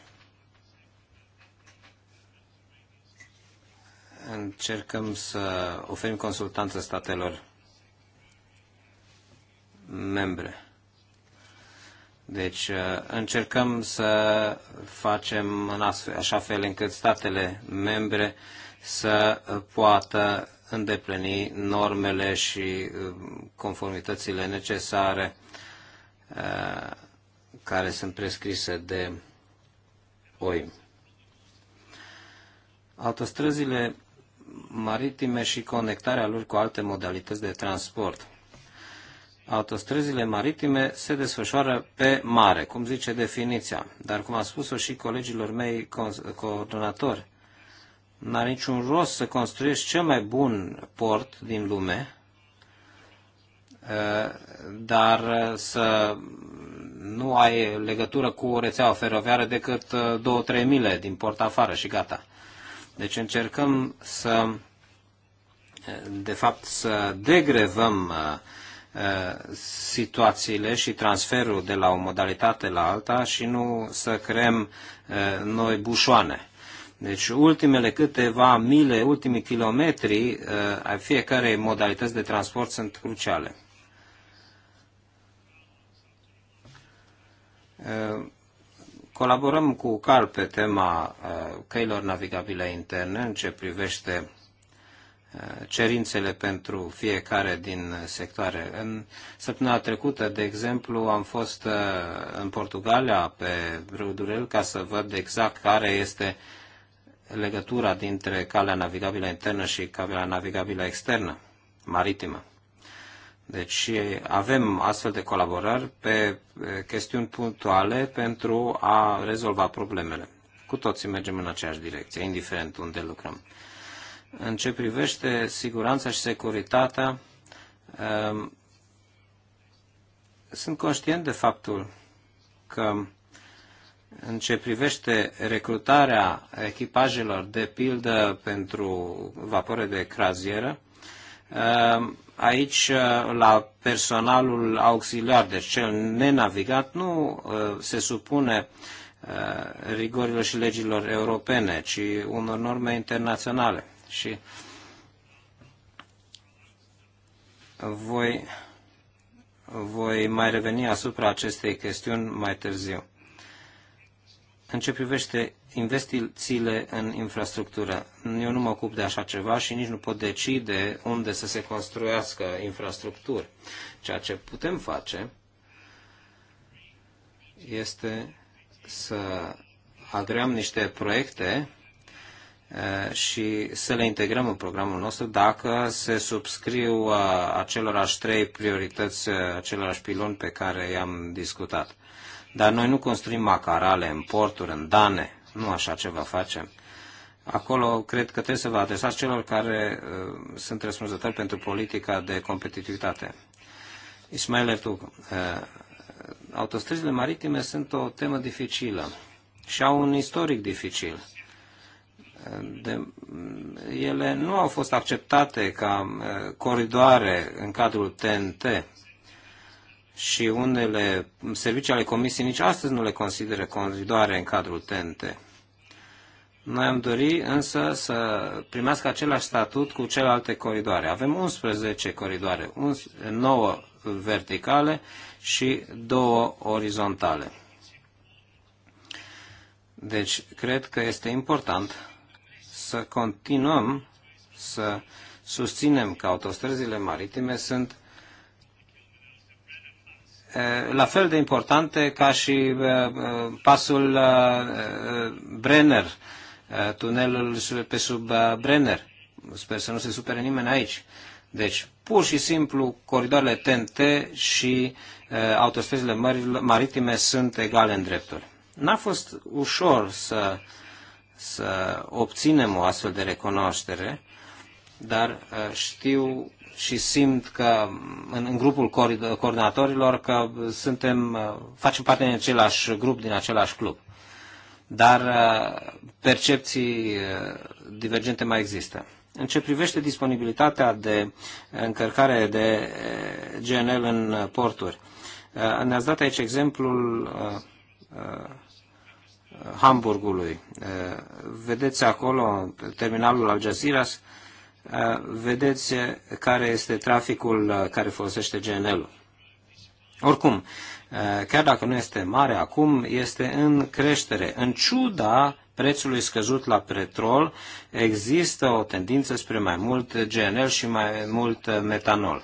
încercăm să oferim consultanță statelor membre. Deci uh, încercăm să facem în așa fel încât statele membre să poată îndeplini normele și uh, conformitățile necesare uh, care sunt prescrise de OIM. Autostrăzile maritime și conectarea lor cu alte modalități de transport – autostrăzile maritime se desfășoară pe mare, cum zice definiția. Dar cum a spus-o și colegilor mei coordonatori, n-are niciun rost să construiești cel mai bun port din lume, eh, dar eh, să nu ai legătură cu o rețeaua feroviară decât 2-3 eh, mile din port afară și gata. Deci încercăm să, de fapt, să degrevăm uh, Uh, situațiile și transferul de la o modalitate la alta și nu să creăm uh, noi bușoane. Deci ultimele câteva mile, ultimii kilometri uh, ai fiecarei modalități de transport sunt cruciale. Colaborăm cu CAL pe tema căilor navigabile interne în ce privește cerințele pentru fiecare din sectoare. În săptămâna trecută, de exemplu, am fost uh, în Portugalia, pe Râu Durel, ca să văd exact care este legătura dintre calea navigabilă internă și calea navigabilă externă, maritimă. Deci avem astfel de colaborări pe uh, chestiuni punctuale pentru a rezolva problemele. Cu toții mergem în aceeași direcție, indiferent unde lucrăm. În ce privește siguranța și securitatea, um, sunt conștient de faptul că în ce privește recrutarea echipajelor, de pildă pentru vapore de crazieră, um, aici uh, la personalul auxiliar, deci cel nenavigat, nu uh, se supune uh, rigorilor și legilor europene, ci unor norme internaționale și voi, voi mai reveni asupra acestei chestiuni mai târziu. În ce privește investițiile în infrastructură, eu nu mă ocup de așa ceva și nici nu pot decide unde să se construiască infrastructuri. Ceea ce putem face este să agream niște proiecte Eh, și să le integrăm în programul nostru dacă se subscriu eh, acelorași trei priorități, eh, acelorași pilon pe care i-am discutat. Dar noi nu construim macarale în porturi, în dane, nu așa ceva facem. Acolo cred că trebuie să vă adresați celor care sunt răspunzători pentru politica de competitivitate. Ismail Ertug, autostrăzile maritime sunt o temă dificilă și au un istoric dificil de, ele nu au fost acceptate ca uh, coridoare în cadrul TNT și unele servicii ale Comisiei nici astăzi nu le consideră coridoare în cadrul TNT. Noi am dori însă să primească același statut cu celelalte coridoare. Avem 11 coridoare, 9 verticale și 2 orizontale. Deci, cred că este important să continuăm să susținem că autostrăzile maritime sunt la fel de importante ca și pasul Brenner, tunelul pe sub Brenner. Sper să nu se supere nimeni aici. Deci, pur și simplu, coridoarele TNT și autostrăzile maritime sunt egale în drepturi. N-a fost ușor să uh, să obținem o astfel de recunoaștere, dar uh, știu și simt că mm, în, în grupul coordonatorilor că suntem, uh, facem parte din același grup, din același club. Dar uh, percepții divergente mai există. În ce privește disponibilitatea de încărcare de GNL în porturi, ne-ați dat aici exemplul Hamburgului. Eh, vedeți acolo terminalul Al Jazeera, eh, vedeți care este traficul eh, care folosește GNL-ul. Oricum, chiar dacă nu este mare acum, este în creștere. În ciuda prețului scăzut la petrol, există o tendință spre mai mult GNL și mai mult metanol.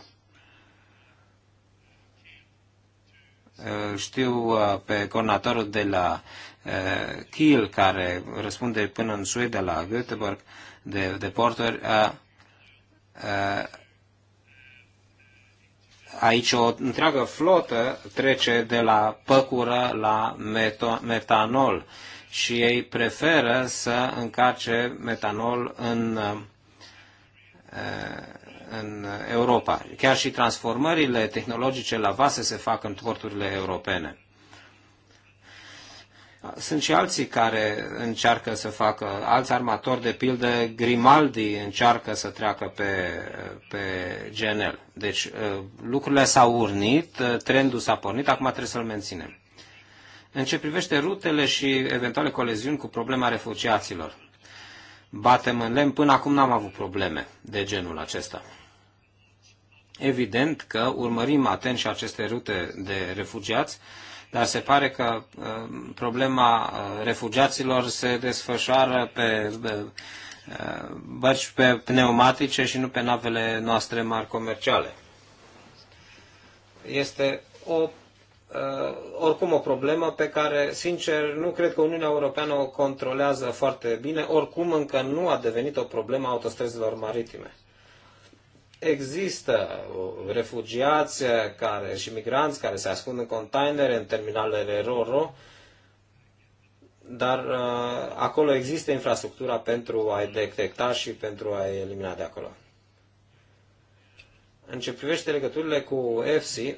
Știu pe coordonatorul de la Eh, Kiel, care răspunde până în Suedia la Göteborg de, de Porter, a, a, aici o întreagă flotă trece de la păcură la meto- metanol și ei preferă să încarce metanol în, eh, în Europa. Chiar și transformările tehnologice la vase se fac în porturile europene. Sunt și alții care încearcă să facă, alți armatori, de pildă Grimaldi încearcă să treacă pe, pe GNL. Deci uh, lucrurile s-au urnit, uh, trendul s-a pornit, acum trebuie să-l menținem. În ce privește rutele și eventuale coleziuni cu problema refugiaților, batem în lemn, până acum n-am avut probleme de genul acesta. Evident că urmărim atent și aceste rute de refugiați, dar se pare că uh, problema uh, refugiaților se desfășoară pe uh, bărci pe pneumatice și nu pe navele noastre mari comerciale. Este o oricum o problemă pe care, sincer, nu cred că Uniunea Europeană o controlează foarte bine, oricum încă nu a devenit o problemă a autostrăzilor maritime. Există uh, refugiați uh, care, și migranți care se ascund în containere, în terminalele RORO, dar uh, acolo există infrastructura pentru a-i detecta și pentru a-i elimina de acolo. În ce privește legăturile cu EFSI, uh,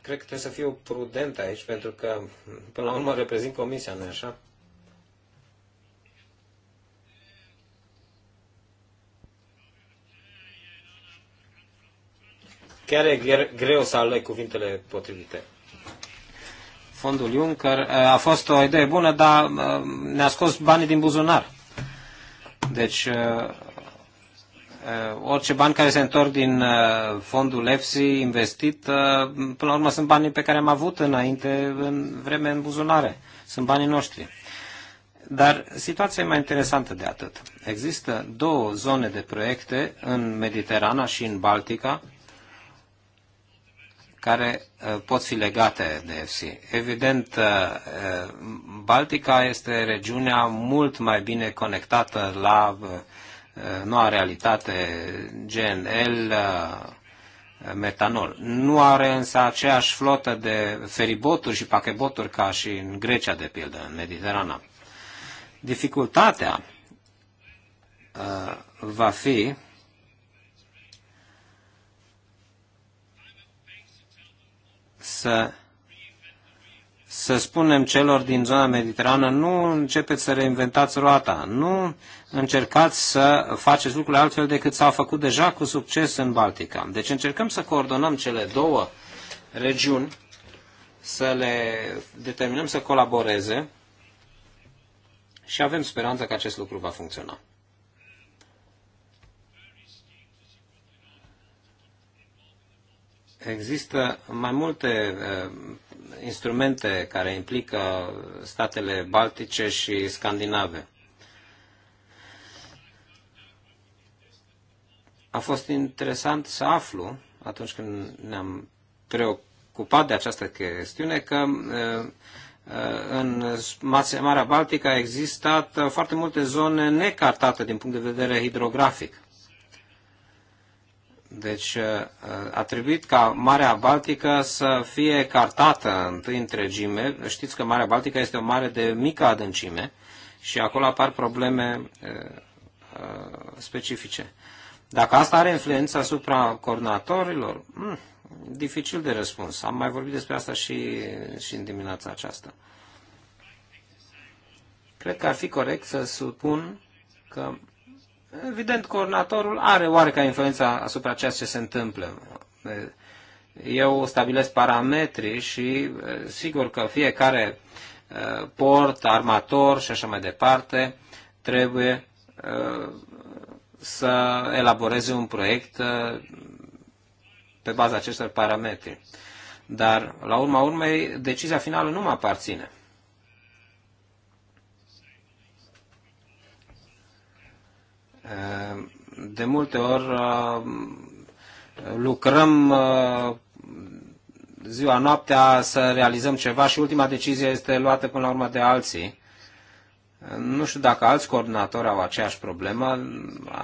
cred că trebuie să fiu prudent aici, pentru că, până la urmă, reprezint comisia, nu așa? Chiar e greu să aleg cuvintele potrivite. Fondul Juncker a fost o idee bună, dar ne-a scos banii din buzunar. Deci, orice bani care se întorc din fondul EFSI investit, până la urmă sunt banii pe care am avut înainte în vreme în buzunare. Sunt banii noștri. Dar situația e mai interesantă de atât. Există două zone de proiecte în Mediterana și în Baltica care uh, pot fi legate de EFSI. Evident, uh, uh, Baltica este regiunea mult mai bine conectată la noua realitate GNL, metanol. Nu are însă aceeași flotă de feriboturi și pacheboturi ca și în Grecia, de pildă, în Mediterana. Dificultatea va fi să, să spunem celor din zona mediterană, nu începeți să reinventați roata, nu încercați să faceți lucrurile altfel decât s-au făcut deja cu succes în Baltica. Deci încercăm să coordonăm cele două regiuni, să le determinăm să colaboreze și avem speranța că acest lucru va funcționa. Există mai multe eh, instrumente care implică statele baltice și scandinave. A fost interesant să aflu, atunci când ne-am preocupat de această chestiune, că eh, eh, în Marea Baltică a existat foarte multe zone necartate din punct de vedere hidrografic. Deci uh, a trebuit ca Marea Baltică să fie cartată întâi întregime. Știți că Marea Baltică este o mare de mică adâncime și acolo apar probleme uh, uh, specifice. Dacă asta are influență asupra coordonatorilor, mh, hmm, dificil de răspuns. Am mai vorbit despre asta și, și în dimineața aceasta. Cred că ar fi corect să supun că evident, coordonatorul are oareca influența asupra ceea ce se întâmplă. Eu stabilesc parametri și sigur că fiecare port, armator și așa mai departe trebuie să elaboreze un proiect pe baza acestor parametri. Dar, la urma urmei, decizia finală nu mă aparține. De multe ori uh, lucrăm uh, ziua, noaptea să realizăm ceva și ultima decizie este luată până la urmă de alții. Nu știu dacă alți coordonatori au aceeași problemă,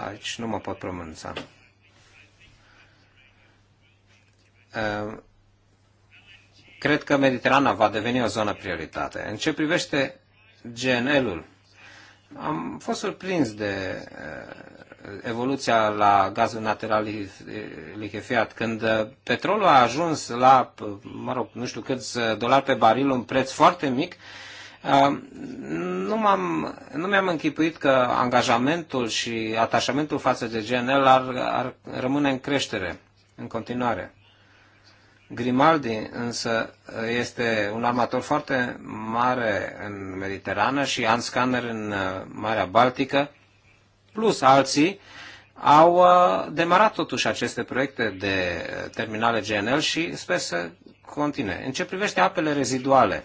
aici nu mă pot promânța. Uh, cred că Mediterana va deveni o zonă prioritate. În ce privește GNL-ul, am fost surprins de eh, evoluția la gazul natural lichefiat. Când eh, petrolul a ajuns la, mă rog, nu știu câți dolari pe baril, un preț foarte mic, eh, nu, m-am, nu mi-am închipuit că angajamentul și atașamentul față de GNL ar, ar rămâne în creștere, în continuare. Grimaldi însă uh, este un armator foarte mare în Mediterană și Hans Kanner în uh, Marea Baltică, plus alții, au uh, demarat totuși aceste proiecte de terminale GNL și sper să continue. În ce privește apele reziduale,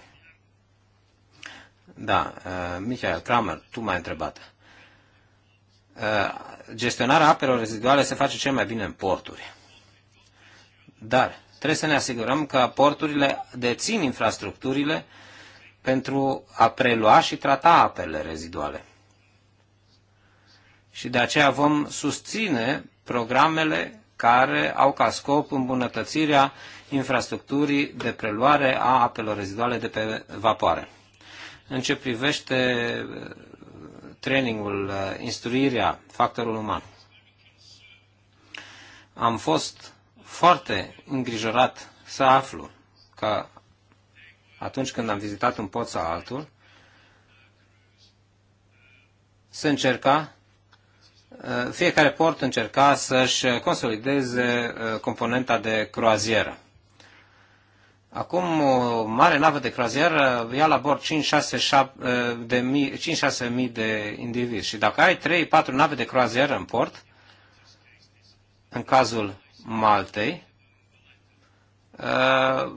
da, Michael Kramer, tu m-ai întrebat. Gestionarea apelor reziduale se face cel mai bine în porturi. Dar Trebuie să ne asigurăm că porturile dețin infrastructurile pentru a prelua și trata apele reziduale. Și de aceea vom susține programele care au ca scop îmbunătățirea infrastructurii de preluare a apelor reziduale de pe vapoare. În ce privește uh, trainingul, uh, instruirea, factorul uman. Am fost foarte îngrijorat să aflu că atunci când am vizitat un pot sau altul, se încerca, uh, fiecare port încerca să-și consolideze uh, componenta de croazieră. Acum o mare navă de croazieră ia la bord 5-6 uh, de, mii, mii de indivizi. Și dacă ai 3-4 nave de croazieră în port, în cazul Maltei, uh,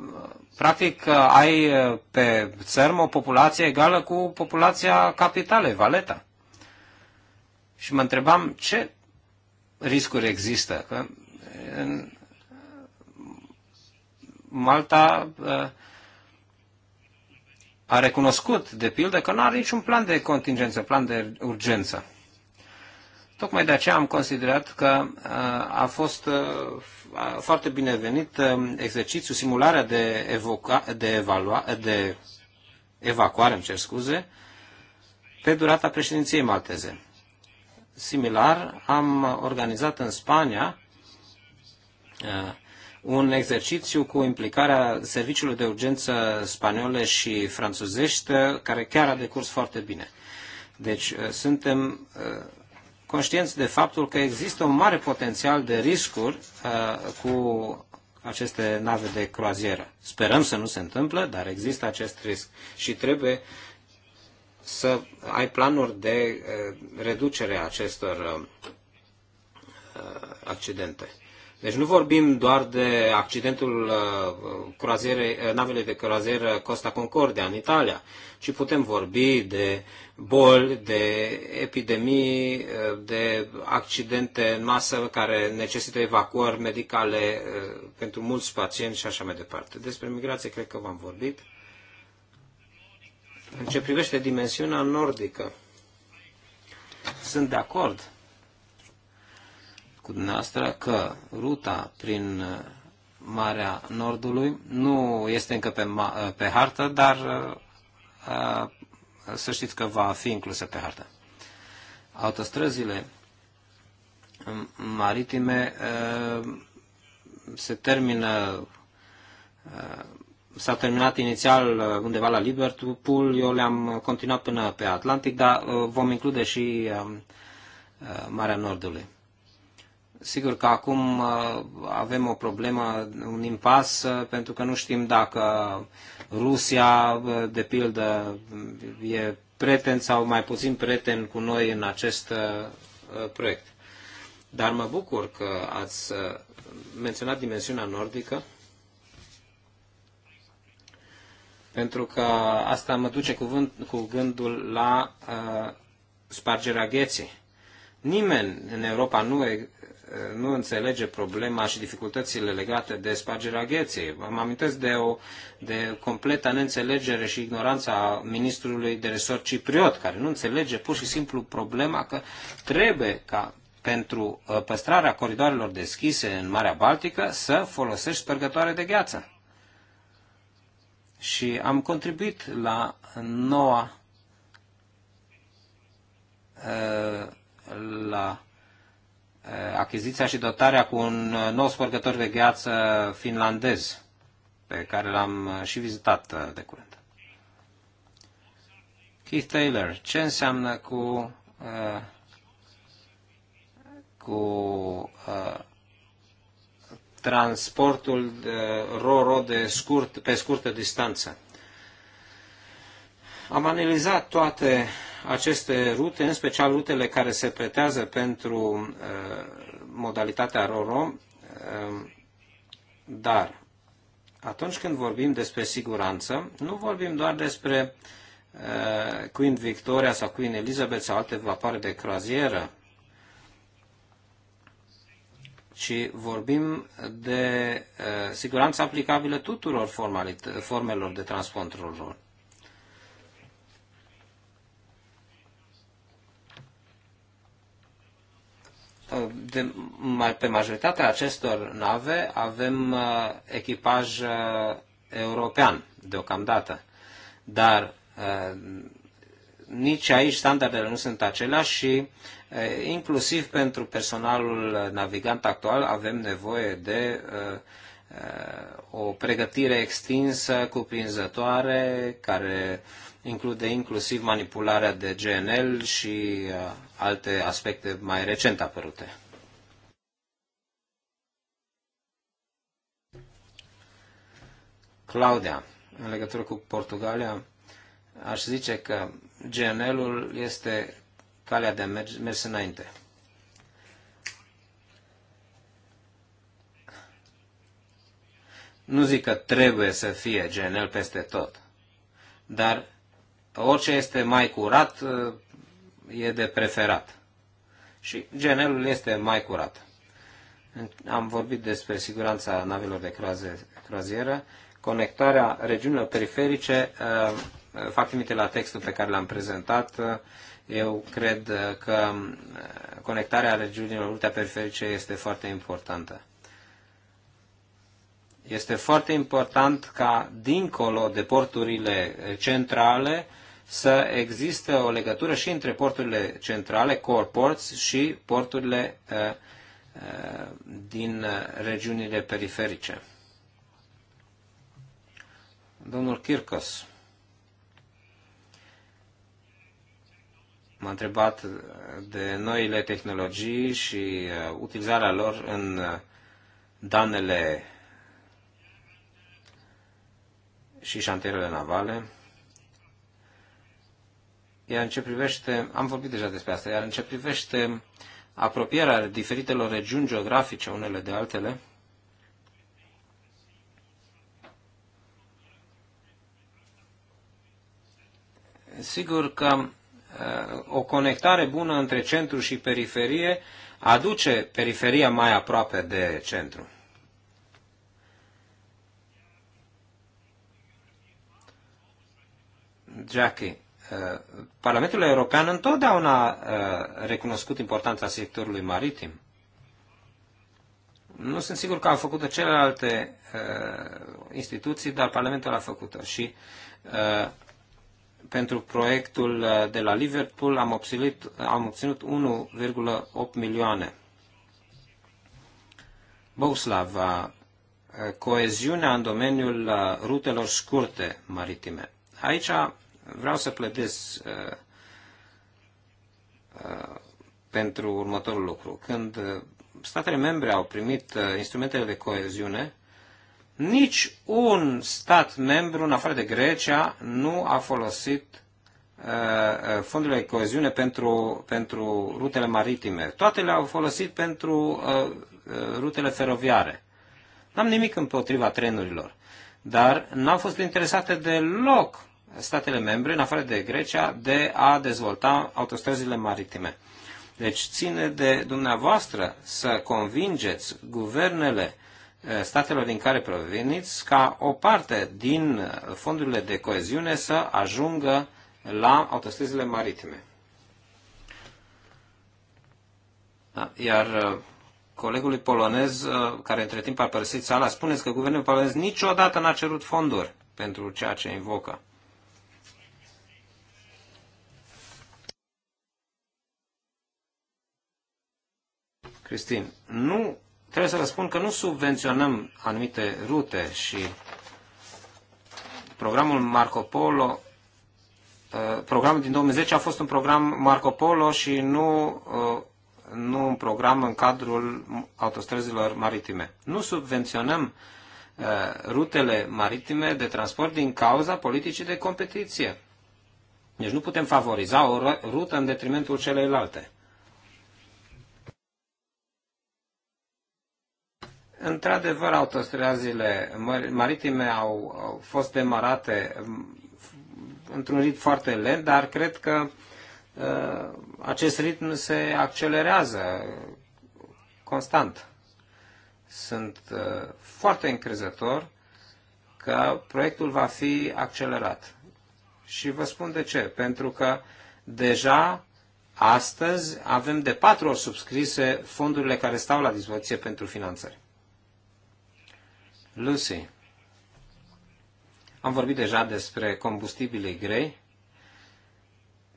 practic uh, ai uh, pe țărm o populație egală cu populația capitalei, Valeta. Și mă întrebam ce riscuri există. Că în Malta a recunoscut, de pildă, că nu are niciun plan de contingență, plan de urgență. Tocmai de aceea am considerat că uh, a fost uh, foarte binevenit uh, exercițiul, simularea de, evoca, de, evalua, de evacuare, îmi cer scuze, pe durata președinției malteze. Similar, am organizat în Spania un exercițiu cu implicarea serviciilor de urgență spaniole și franțuzești, care chiar a decurs foarte bine. Deci suntem conștienți de faptul că există un mare potențial de riscuri uh, cu aceste nave de croazieră. Sperăm să nu se întâmplă, dar există acest risc și trebuie să ai planuri de uh, reducere a acestor uh, accidente. Deci nu vorbim doar de accidentul uh, uh, navele de croazieră Costa Concordia în Italia, ci putem vorbi de boli, de epidemii, uh, de accidente în masă care necesită evacuări medicale pentru mulți pacienți și așa mai departe. Despre migrație cred că v-am vorbit. În ce privește dimensiunea nordică, sunt de acord cu dumneavoastră că ruta prin uh, Marea Nordului nu este încă pe, uh, pe hartă, dar a, uh, să știți că va fi inclusă pe hartă. Autostrăzile maritime a, se termină s-a terminat inițial undeva la Liverpool, eu le-am continuat până pe Atlantic, dar vom include și Marea Nordului. Sigur că acum uh, avem o problemă, un impas, uh, pentru că nu știm dacă Rusia, uh, de pildă, e preten sau mai puțin preten cu noi în acest proiect. Dar mă bucur că ați menționat dimensiunea nordică, pentru că asta mă duce cuvânt, cu gândul la uh, spargerea gheții. Nimeni în Europa nu nu înțelege problema și dificultățile legate de spargerea gheței. Mă amintesc de o de completă neînțelegere și ignoranța a ministrului de resort cipriot, care nu înțelege pur și simplu problema că trebuie ca pentru uh, păstrarea coridoarelor deschise în Marea Baltică să folosești spărgătoare de gheață. Și am contribuit la noua uh, la Eh, achiziția și dotarea cu un eh, nou spărgător de gheață finlandez, pe care l-am eh, și vizitat de curând. Keith Taylor, ce înseamnă cu, uh, cu uh, transportul uh, RORO de scurt, pe scurtă distanță? Am analizat toate aceste rute, în special rutele care se pretează pentru uh, modalitatea RORO, uh, dar atunci când vorbim despre siguranță, nu vorbim doar despre uh, Queen Victoria sau Queen Elizabeth sau alte vapoare de croazieră, ci vorbim de siguranță aplicabilă tuturor formelor de transport rol. de, pe majoritatea acestor nave avem uh, echipaj uh, european deocamdată, dar uh, nici aici standardele nu sunt aceleași și inclusiv pentru personalul navigant actual avem nevoie de o pregătire extinsă, cuprinzătoare, care uh, include inclusiv manipularea de GNL și uh, alte aspecte mai recent apărute. Claudia, în legătură cu Portugalia, aș zice că GNL-ul este calea de mers, mers înainte. Nu zic că trebuie să fie GNL peste tot, dar orice este mai curat e de preferat. Și genelul este mai curat. Am vorbit despre siguranța navelor de croaze, croazieră, conectarea regiunilor periferice, uh, fac trimite la textul pe care l-am prezentat. Eu cred că conectarea regiunilor periferice este foarte importantă. Este foarte important ca, dincolo de porturile centrale, să existe o legătură și între porturile centrale, core ports, și porturile uh, uh, din uh, regiunile periferice. Domnul Kirkos m-a întrebat de noile tehnologii și utilizarea lor în danele și șantierele navale. Iar în ce privește, am vorbit deja despre asta, iar în ce privește apropierea diferitelor regiuni geografice unele de altele, sigur că uh, o conectare bună între centru și periferie aduce periferia mai aproape de centru. Jackie, Eh, Parlamentul European întotdeauna a eh, recunoscut importanța sectorului maritim. Nu sunt sigur că au făcut-o celelalte eh, instituții, dar Parlamentul a făcut-o. Și pentru proiectul de la Liverpool am obținut, am obținut 1,8 milioane. Boslava, coeziunea în domeniul rutelor scurte maritime. Aici Vreau să pledez uh, uh, pentru următorul lucru. Când uh, statele membre au primit instrumentele de coeziune, nici un stat membru, în afară de Grecia, nu a folosit fondurile de coeziune pentru, pentru rutele maritime. Toate le-au folosit pentru uh, rutele feroviare. N-am nimic împotriva trenurilor, dar n-au fost interesate deloc statele membre, în afară de Grecia, de a dezvolta autostrăzile maritime. Deci ține de dumneavoastră să convingeți guvernele eh, statelor din care proveniți ca o parte din fondurile de coeziune să ajungă la autostrăzile maritime. Da, iar eh, colegului polonez, eh, care între timp a părăsit sala, spuneți că guvernul polonez niciodată n-a cerut fonduri pentru ceea ce invocă. Cristin, nu, trebuie să răspund că nu subvenționăm anumite rute și programul Marco Polo uh, programul din 2010 a fost un program Marco Polo și nu, uh, nu un program în cadrul autostrăzilor maritime. Nu subvenționăm uh, rutele maritime de transport din cauza politicii de competiție. Deci nu putem favoriza o rută în detrimentul celelalte. Într-adevăr, autostrăzile maritime au, au fost demarate mm, într-un ritm foarte lent, dar cred că uh, acest ritm se accelerează constant. Sunt uh, foarte încrezător că proiectul va fi accelerat. Și vă spun de ce. Pentru că deja astăzi avem de patru ori subscrise fondurile care stau la dispoziție pentru finanțări. Lucy, am vorbit deja despre combustibilii grei.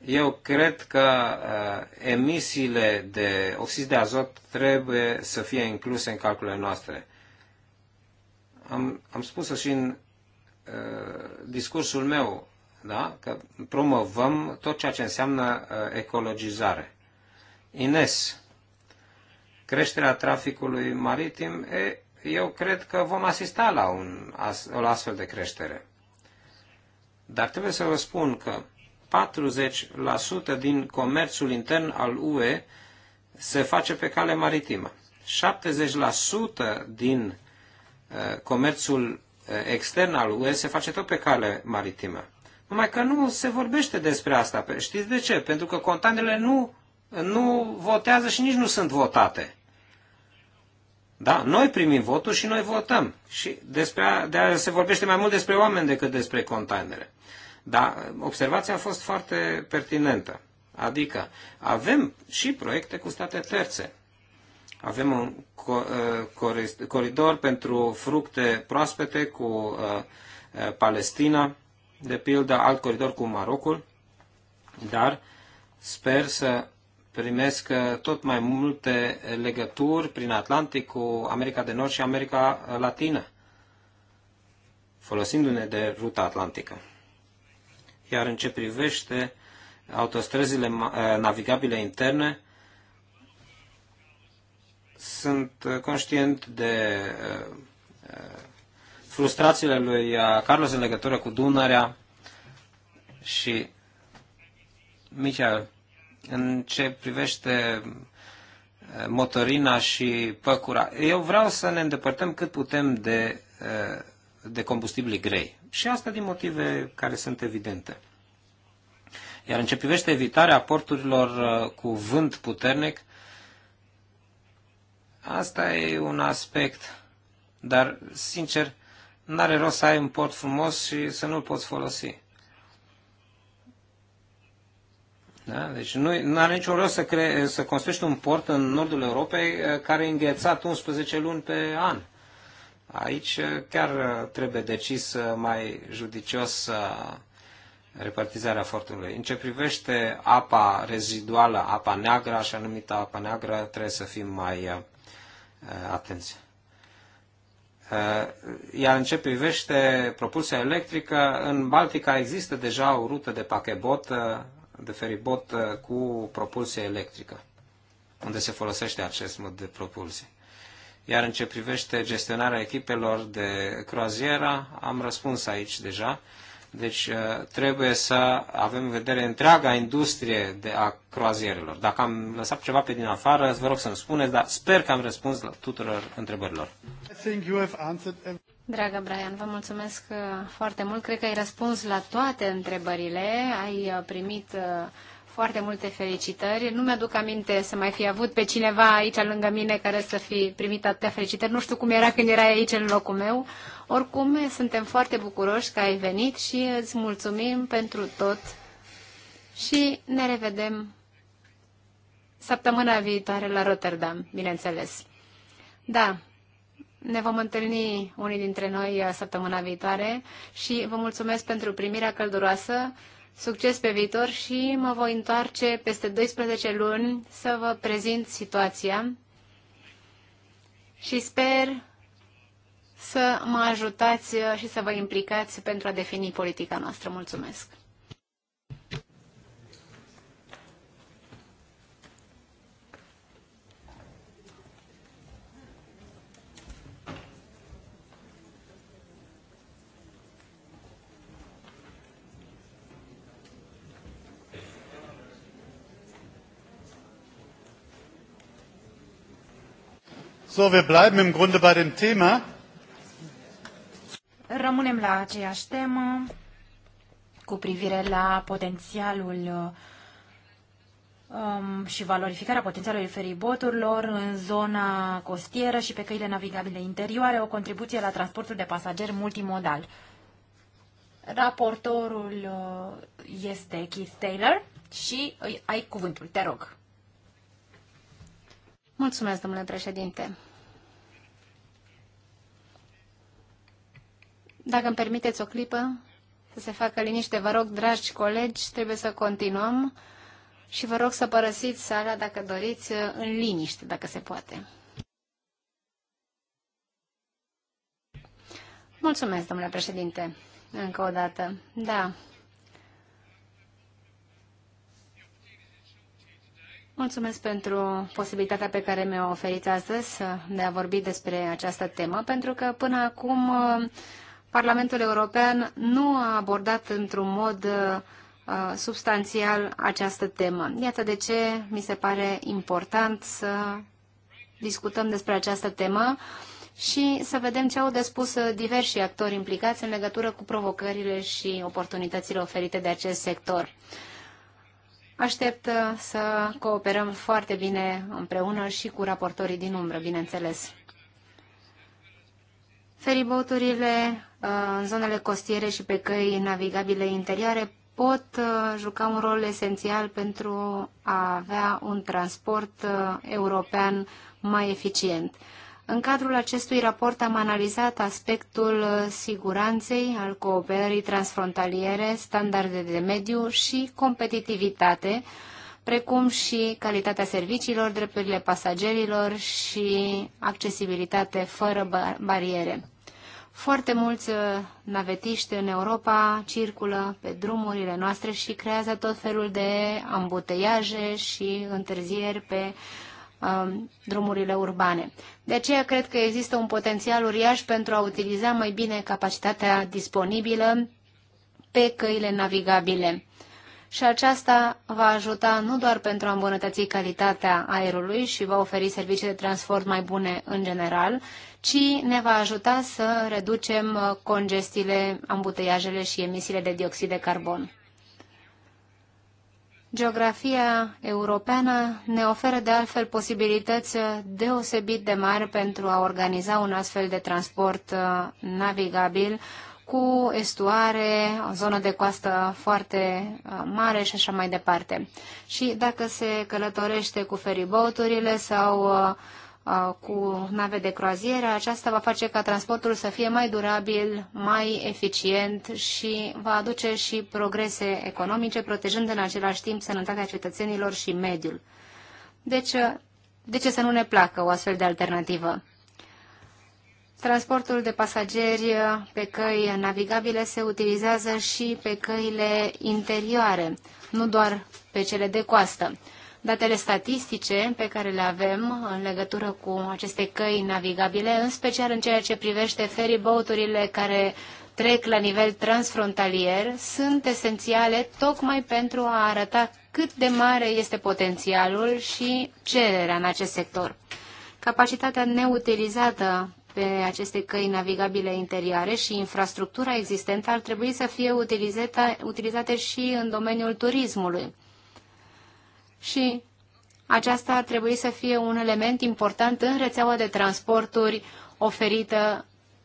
Eu cred că uh, emisiile de oxid de azot trebuie să fie incluse în calculele noastre. Am, am spus-o și în uh, discursul meu, da? că promovăm tot ceea ce înseamnă uh, ecologizare. Ines, creșterea traficului maritim, e, eu cred că vom asista la, un, o astfel de creștere. Dar trebuie să vă spun că 40% din comerțul intern al UE se face pe cale maritimă. 70% din uh, comerțul uh, extern al UE se face tot pe cale maritimă. Numai că nu se vorbește despre asta. Știți de ce? Pentru că contanele nu, nu votează și nici nu sunt votate. Da, noi primim votul și noi votăm. Și despre, de a se vorbește mai mult despre oameni decât despre containere. Dar observația a fost foarte pertinentă. Adică avem și proiecte cu state terțe. Avem un uh, coridor pentru fructe proaspete cu uh, uh, Palestina, de pildă, alt coridor cu Marocul, dar sper să primesc uh, tot mai multe legături prin Atlantic cu America de Nord și America uh, Latină, folosindu-ne de ruta atlantică. Iar în ce privește autostrăzile uh, navigabile interne, sunt conștient de frustrațiile lui Carlos în legătură cu Dunărea și Michael în ce privește motorina și păcura. Eu vreau să ne îndepărtăm cât putem de, de combustibili grei. Și asta din motive care sunt evidente. Iar în ce privește evitarea porturilor cu vânt puternic, asta e un aspect. Dar, sincer, n-are rost să ai un port frumos și să nu-l poți folosi. Da? Deci nu are niciun rost să, cre- să construiești un port în nordul Europei eh, care e înghețat 11 luni pe an. Aici eh, chiar eh, trebuie decis mai judicios repartizarea fortului. În ce privește apa reziduală, apa neagră, așa numită apa neagră, trebuie să fim mai atenți. Iar în ce privește propulsia electrică, în Baltica există deja o rută de pachebot de feribot uh, cu propulsie electrică, unde se folosește acest mod de propulsie. Iar în ce privește gestionarea echipelor de croaziera, am răspuns aici deja. Deci uh, trebuie să avem în vedere întreaga industrie de a croazierelor. Dacă am lăsat ceva pe din afară, vă rog să-mi spuneți, dar sper că am răspuns la tuturor întrebărilor. Dragă Brian, vă mulțumesc uh, foarte mult. Cred că ai răspuns la toate întrebările. Ai uh, primit uh, foarte multe felicitări. Nu mi-aduc aminte să mai fi avut pe cineva aici lângă mine care să fi primit atâtea felicitări. Nu știu cum era când era aici în locul meu. Oricum, suntem foarte bucuroși că ai venit și îți mulțumim pentru tot și ne revedem săptămâna viitoare la Rotterdam, bineînțeles. Da, ne vom întâlni unii dintre noi uh, săptămâna viitoare și vă mulțumesc pentru primirea călduroasă, succes pe viitor și mă voi întoarce peste 12 luni să vă prezint situația și sper să mă ajutați uh, și să vă implicați pentru a defini politica noastră. Mulțumesc! So, wir bleiben im Grunde bei dem Thema. Rămânem la aceeași temă cu privire la potențialul um, și valorificarea potențialului feriboturilor în zona costieră și pe căile navigabile interioare, o contribuție la transportul de pasageri multimodal. Raportorul uh, este Keith Taylor și ai cuvântul, te rog. Mulțumesc, domnule președinte. Dacă îmi permiteți o clipă să se facă liniște, vă rog, dragi colegi, trebuie să continuăm și vă rog să părăsiți sala, dacă doriți, în liniște, dacă se poate. Mulțumesc, domnule președinte, încă o dată. Da, Mulțumesc pentru posibilitatea pe care mi-o oferit astăzi de a vorbi despre această temă, pentru că până acum uh, Parlamentul European nu a abordat într-un mod uh, substanțial această temă. Iată de ce mi se pare important să discutăm despre această temă și să vedem ce au de spus uh, diversi actori implicați în legătură cu provocările și oportunitățile oferite de acest sector. Aștept uh, să cooperăm foarte bine împreună și cu raportorii din umbră, bineînțeles. Feriboturile uh, în zonele costiere și pe căi navigabile interioare pot uh, juca un rol esențial pentru a avea un transport european mai eficient. În cadrul acestui raport am analizat aspectul siguranței, al cooperării transfrontaliere, standarde de mediu și competitivitate, precum și calitatea serviciilor, drepturile pasagerilor și accesibilitate fără bariere. Foarte mulți uh, navetiști în Europa circulă pe drumurile noastre și creează tot felul de ambuteiaje și întârzieri pe uh, Um, drumurile urbane. De aceea cred că există un potențial uriaș pentru a utiliza mai bine capacitatea disponibilă pe căile navigabile. Și aceasta va ajuta nu doar pentru a îmbunătăți calitatea aerului și va oferi servicii de transport mai bune în general, ci ne va ajuta să reducem congestiile, ambuteiajele și emisiile de dioxid de carbon. Geografia europeană ne oferă de altfel posibilități deosebit de mari pentru a organiza un astfel de transport uh, navigabil cu estuare, o zonă de coastă foarte uh, mare și așa mai departe. Și dacă se călătorește cu feribouturile sau uh, cu nave de croazieră, aceasta va face ca transportul să fie mai durabil, mai eficient și va aduce și progrese economice, protejând în același timp sănătatea cetățenilor și mediul. Deci, de ce să nu ne placă o astfel de alternativă? Transportul de pasageri pe căi navigabile se utilizează și pe căile interioare, nu doar pe cele de coastă. Datele statistice pe care le avem în legătură cu aceste căi navigabile, în special în ceea ce privește feribouturile care trec la nivel transfrontalier, sunt esențiale tocmai pentru a arăta cât de mare este potențialul și cererea în acest sector. Capacitatea neutilizată pe aceste căi navigabile interioare și infrastructura existentă ar trebui să fie utilizate, utilizate și în domeniul turismului și aceasta ar trebui să fie un element important în rețeaua de transporturi oferită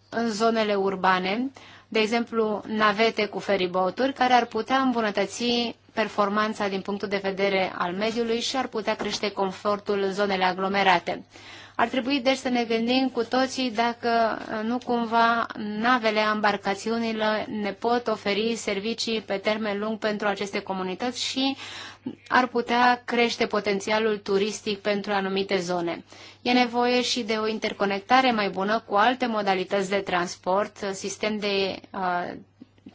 în zonele urbane, de exemplu navete cu feriboturi, care ar putea îmbunătăți performanța din punctul de vedere al mediului și ar putea crește confortul în zonele aglomerate. Ar trebui deci să ne gândim cu toții dacă uh, nu cumva navele, embarcațiunile ne pot oferi servicii pe termen lung pentru aceste comunități și uh, ar putea crește potențialul turistic pentru anumite zone. E nevoie și de o interconectare mai bună cu alte modalități de transport, sistem de uh,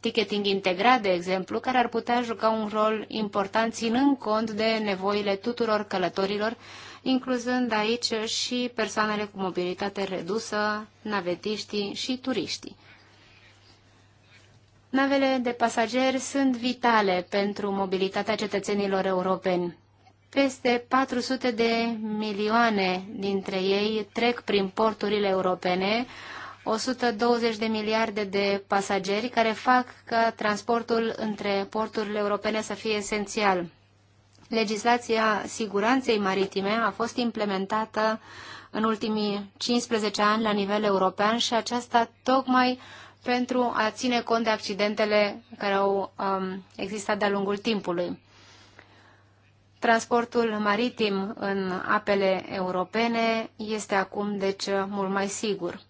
ticketing integrat, de exemplu, care ar putea juca un rol important ținând cont de nevoile tuturor călătorilor, incluzând aici și persoanele cu mobilitate redusă, navetiștii și turiștii. Navele de pasageri sunt vitale pentru mobilitatea cetățenilor europeni. Peste 400 de milioane dintre ei trec prin porturile europene, 120 de miliarde de pasageri care fac ca transportul între porturile europene să fie esențial. Legislația siguranței maritime a fost implementată în ultimii 15 ani la nivel european și aceasta tocmai pentru a ține cont de accidentele care au um, existat de-a lungul timpului. Transportul maritim în apele europene este acum, deci, mult mai sigur.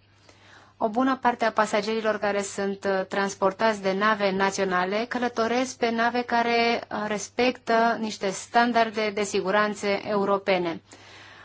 O bună parte a pasagerilor care sunt uh, transportați de nave naționale călătoresc pe nave care uh, respectă niște standarde de siguranță europene.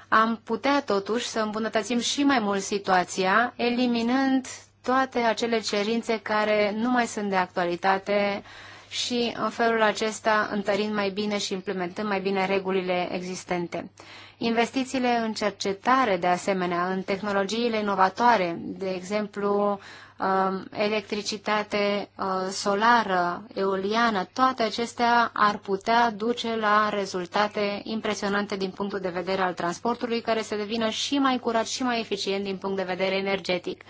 Am putea totuși să îmbunătățim și mai mult situația, eliminând toate acele cerințe care nu mai sunt de actualitate și în felul acesta întărind mai bine și implementând mai bine regulile existente. Investițiile în cercetare, de asemenea, în tehnologiile inovatoare, de exemplu, um, electricitate uh, solară, eoliană, toate acestea ar putea duce la rezultate impresionante din punctul de vedere al transportului, care să devină și mai curat și mai eficient din punct de vedere energetic.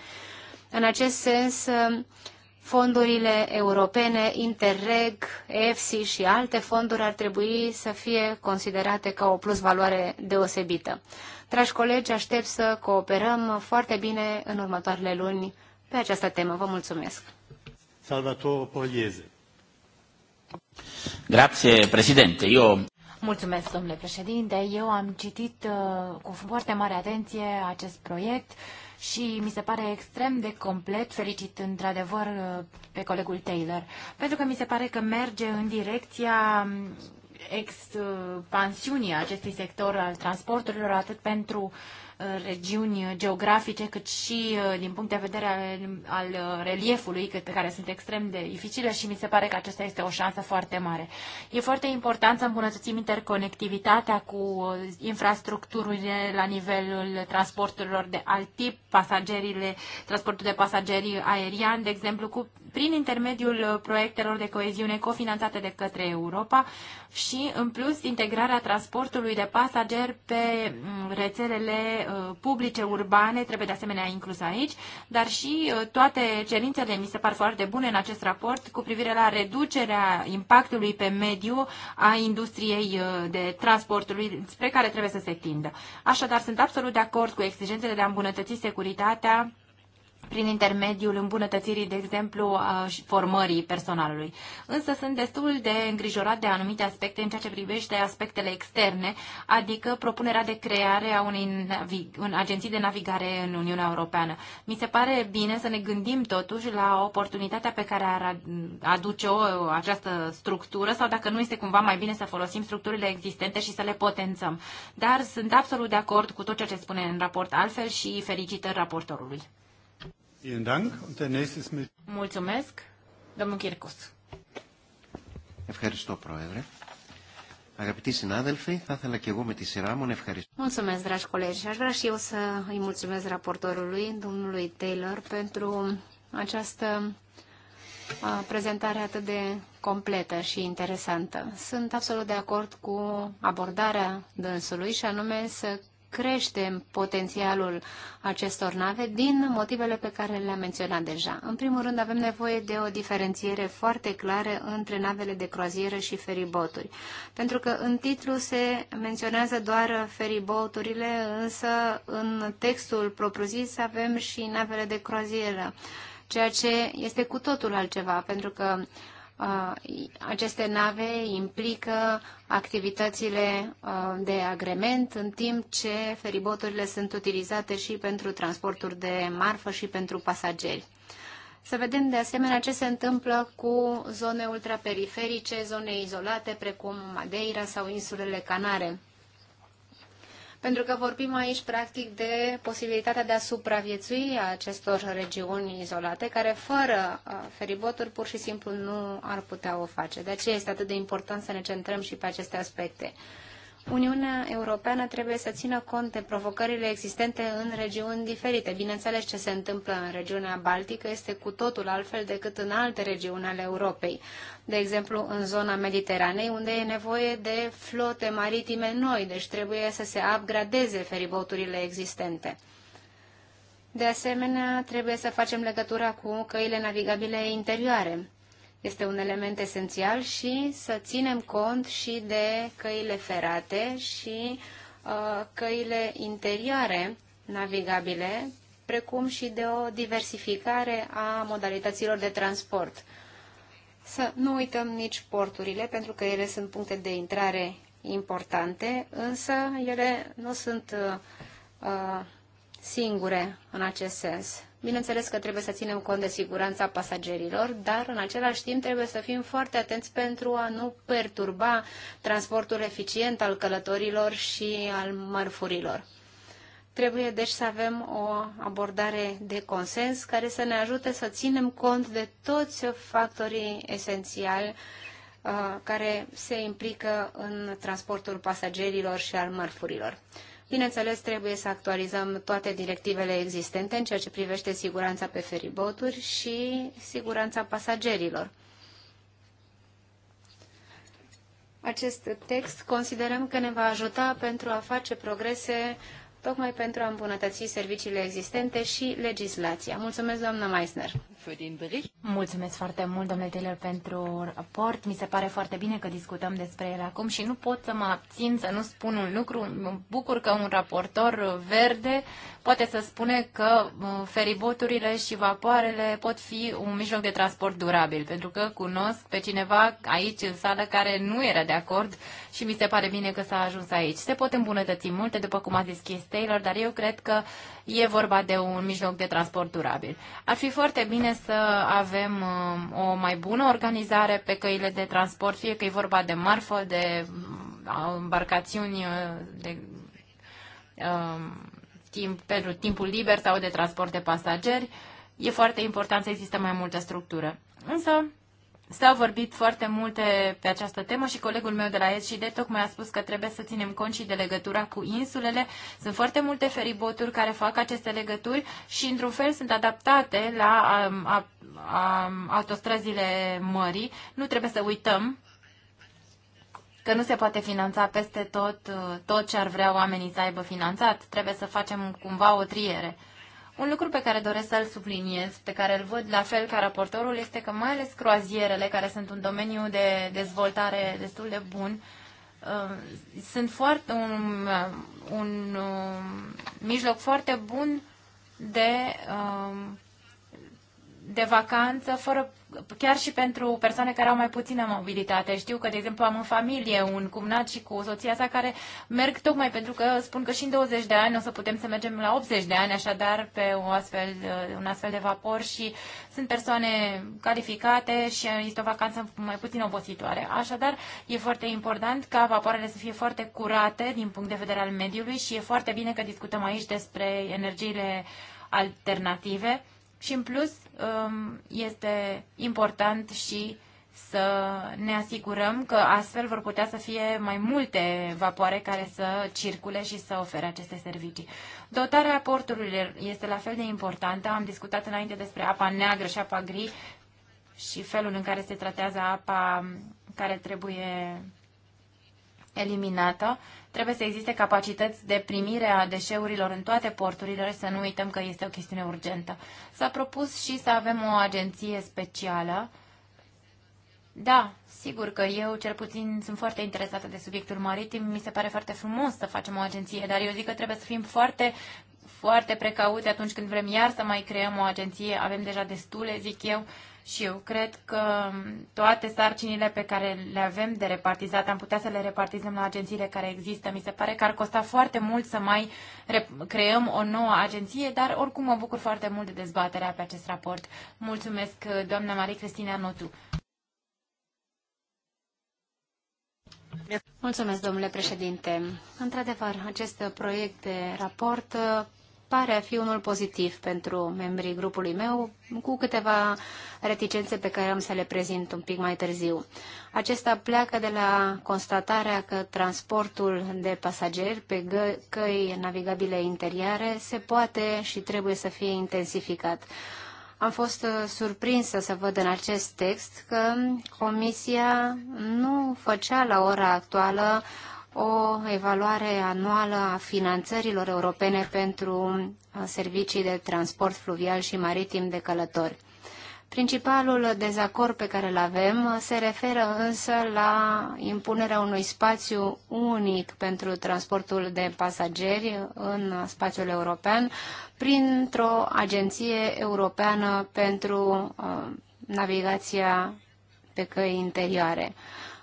În acest sens, um, fondurile europene, Interreg, EFSI și alte fonduri ar trebui să fie considerate ca o plusvaloare deosebită. Dragi colegi, aștept să cooperăm foarte bine în următoarele luni pe această temă. Vă mulțumesc! Salvatore Poliese. Grazie, Presidente. Eu... Mulțumesc, domnule președinte. Eu am citit uh, cu foarte mare atenție acest proiect. Uh, și mi se pare extrem de complet, fericit într-adevăr pe colegul Taylor, pentru că mi se pare că merge în direcția mm, expansiunii uh, acestui sector al transporturilor, atât pentru uh, regiuni geografice, cât și uh, din punct de vedere al, al uh, reliefului, care sunt extrem de dificile și mi se pare că acesta este o șansă foarte mare. E foarte important să îmbunătățim interconectivitatea cu uh, infrastructurile la nivelul transporturilor de alt tip, pasagerile, transportul de pasageri aerian, de exemplu, cu, prin intermediul proiectelor de coeziune cofinanțate de către Europa și, în plus, integrarea transportului de pasageri pe mm, rețelele Uh, publice urbane trebuie de asemenea inclus aici, dar și uh, toate cerințele mi se par foarte bune în acest raport cu privire la reducerea impactului pe mediu a industriei uh, de transportului spre care trebuie să se tindă. Așadar, sunt absolut de acord cu exigențele de a îmbunătăți securitatea prin intermediul îmbunătățirii, de exemplu, a formării personalului. Însă sunt destul de îngrijorat de anumite aspecte în ceea ce privește aspectele externe, adică propunerea de creare a unei un agenții de navigare în Uniunea Europeană. Mi se pare bine să ne gândim totuși la oportunitatea pe care ar aduce-o uh, această structură sau dacă nu este cumva mai bine să folosim structurile existente și să le potențăm. Dar sunt absolut de acord cu tot ceea ce spune în raport altfel și felicitări raportorului. Mulțumesc. Domnul Chircos. Ευχαριστώ, Πρόεδρε. Αγαπητοί συνάδελφοι, θα ήθελα και εγώ με τη σειρά μου να ευχαριστώ. Mulțumesc, dragi colegi. Aș vrea și eu să îi mulțumesc raportorului, domnului Taylor, pentru această prezentare atât de completă și interesantă. Sunt absolut de acord cu abordarea dânsului și anume să creștem potențialul acestor nave din motivele pe care le-am menționat deja. În primul rând, avem nevoie de o diferențiere foarte clară între navele de croazieră și feriboturi. Pentru că în titlu se menționează doar feriboturile, însă în textul propriu-zis avem și navele de croazieră, ceea ce este cu totul altceva, pentru că uh, aceste nave implică activitățile de agrement, în timp ce feriboturile sunt utilizate și pentru transporturi de marfă și pentru pasageri. Să vedem de asemenea ce se întâmplă cu zone ultraperiferice, zone izolate, precum Madeira sau insulele Canare pentru că vorbim aici practic de posibilitatea de a supraviețui a acestor regiuni izolate, care fără uh, feriboturi pur și simplu nu ar putea o face. De aceea este atât de important să ne centrăm și pe aceste aspecte. Uniunea Europeană trebuie să țină cont de provocările existente în regiuni diferite. Bineînțeles, ce se întâmplă în regiunea Baltică este cu totul altfel decât în alte regiuni ale Europei. De exemplu, în zona Mediteranei, unde e nevoie de flote maritime noi, deci trebuie să se upgradeze feriboturile existente. De asemenea, trebuie să facem legătura cu căile navigabile interioare este un element esențial și să ținem cont și de căile ferate și uh, căile interioare navigabile, precum și de o diversificare a modalităților de transport. Să nu uităm nici porturile, pentru că ele sunt puncte de intrare importante, însă ele nu sunt uh, uh singure în acest sens. Bineînțeles că trebuie să ținem cont de siguranța pasagerilor, dar în același timp trebuie să fim foarte atenți pentru a nu perturba transportul eficient al călătorilor și al mărfurilor. Trebuie deci să avem o abordare de consens care să ne ajute să ținem cont de toți factorii esențiali uh, care se implică în transportul pasagerilor și al mărfurilor. Bineînțeles, trebuie să actualizăm toate directivele existente în ceea ce privește siguranța pe feriboturi și siguranța pasagerilor. Acest text considerăm că ne va ajuta pentru a face progrese tocmai pentru a îmbunătăți serviciile existente și legislația. Mulțumesc, doamna Meissner. Mulțumesc foarte mult, domnule Taylor, pentru raport. Mi se pare foarte bine că discutăm despre el acum și nu pot să mă abțin să nu spun un lucru. Mă bucur că un raportor verde poate să spune că uh, feriboturile și vapoarele pot fi un mijloc de transport durabil, pentru că cunosc pe cineva aici în sală care nu era de acord și mi se pare bine că s-a ajuns aici. Se pot îmbunătăți multe, după cum a zis Taylor, dar eu cred că e vorba de un mijloc de transport durabil. Ar fi foarte bine să avem um, o mai bună organizare pe căile de transport, fie că e vorba de marfă, de um, embarcațiuni, uh, de um, timp, pentru timpul liber sau de transport de pasageri. E foarte important să există mai multă structură. Însă, S-au vorbit foarte multe pe această temă și colegul meu de la SCD tocmai a spus că trebuie să ținem cont și de legătura cu insulele. Sunt foarte multe feriboturi care fac aceste legături și într-un fel sunt adaptate la a, um, a, a, autostrăzile mării. Nu trebuie să uităm că nu se poate finanța peste tot uh, tot ce ar vrea oamenii să aibă finanțat. Trebuie să facem cumva o triere. Un lucru pe care doresc să-l subliniez, pe care îl văd la fel ca raportorul, este că mai ales croazierele, care sunt un domeniu de dezvoltare destul de bun, uh, sunt foarte un, uh, un, un uh, mijloc foarte bun de um, de vacanță, fără, chiar și pentru persoane care au mai puțină mobilitate. Știu că, de exemplu, am în familie un cumnat și cu soția sa care merg tocmai pentru că spun că și în 20 de ani o să putem să mergem la 80 de ani, așadar, pe o astfel, un astfel de vapor și sunt persoane calificate și este o vacanță mai puțin obositoare. Așadar, e foarte important ca vapoarele să fie foarte curate din punct de vedere al mediului și e foarte bine că discutăm aici despre energiile alternative și în plus um, este important și să ne asigurăm că astfel vor putea să fie mai multe vapoare care să circule și să ofere aceste servicii. Dotarea porturilor este la fel de importantă. Am discutat înainte despre apa neagră și apa gri și felul în care se tratează apa care trebuie eliminată. Trebuie să existe capacități de primire a deșeurilor în toate porturile, să nu uităm că este o chestiune urgentă. S-a propus și să avem o agenție specială. Da, sigur că eu cel puțin sunt foarte interesată de subiectul maritim, mi se pare foarte frumos să facem o agenție, dar eu zic că trebuie să fim foarte foarte precaute atunci când vrem iar să mai creăm o agenție, avem deja destule, zic eu, și eu cred că toate sarcinile pe care le avem de repartizat, am putea să le repartizăm la agențiile care există. Mi se pare că ar costa foarte mult să mai creăm o nouă agenție, dar oricum mă bucur foarte mult de dezbaterea pe acest raport. Mulțumesc, doamna Marie Cristina Notu. Mulțumesc, domnule președinte. Într-adevăr, acest proiect de raport pare a fi unul pozitiv pentru membrii grupului meu, cu câteva reticențe pe care am să le prezint un pic mai târziu. Acesta pleacă de la constatarea că transportul de pasageri pe căi navigabile interioare se poate și trebuie să fie intensificat. Am fost uh, surprinsă să văd în acest text că Comisia nu făcea la ora actuală o evaluare anuală a finanțărilor europene pentru uh, servicii de transport fluvial și maritim de călători. Principalul dezacord pe care îl avem uh, se referă însă la impunerea unui spațiu unic pentru transportul de pasageri în spațiul european printr-o agenție europeană pentru uh, navigația pe căi interioare.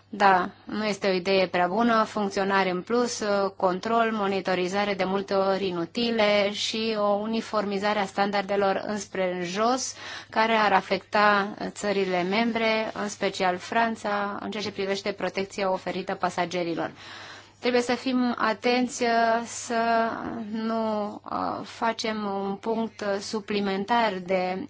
Da, nu este o idee prea bună, funcționare în plus, control, monitorizare de multe ori inutile și o uniformizare a standardelor înspre jos, care ar afecta țările membre, în special Franța, în ceea ce privește protecția oferită pasagerilor trebuie să fim atenți să nu uh, facem un punct suplimentar de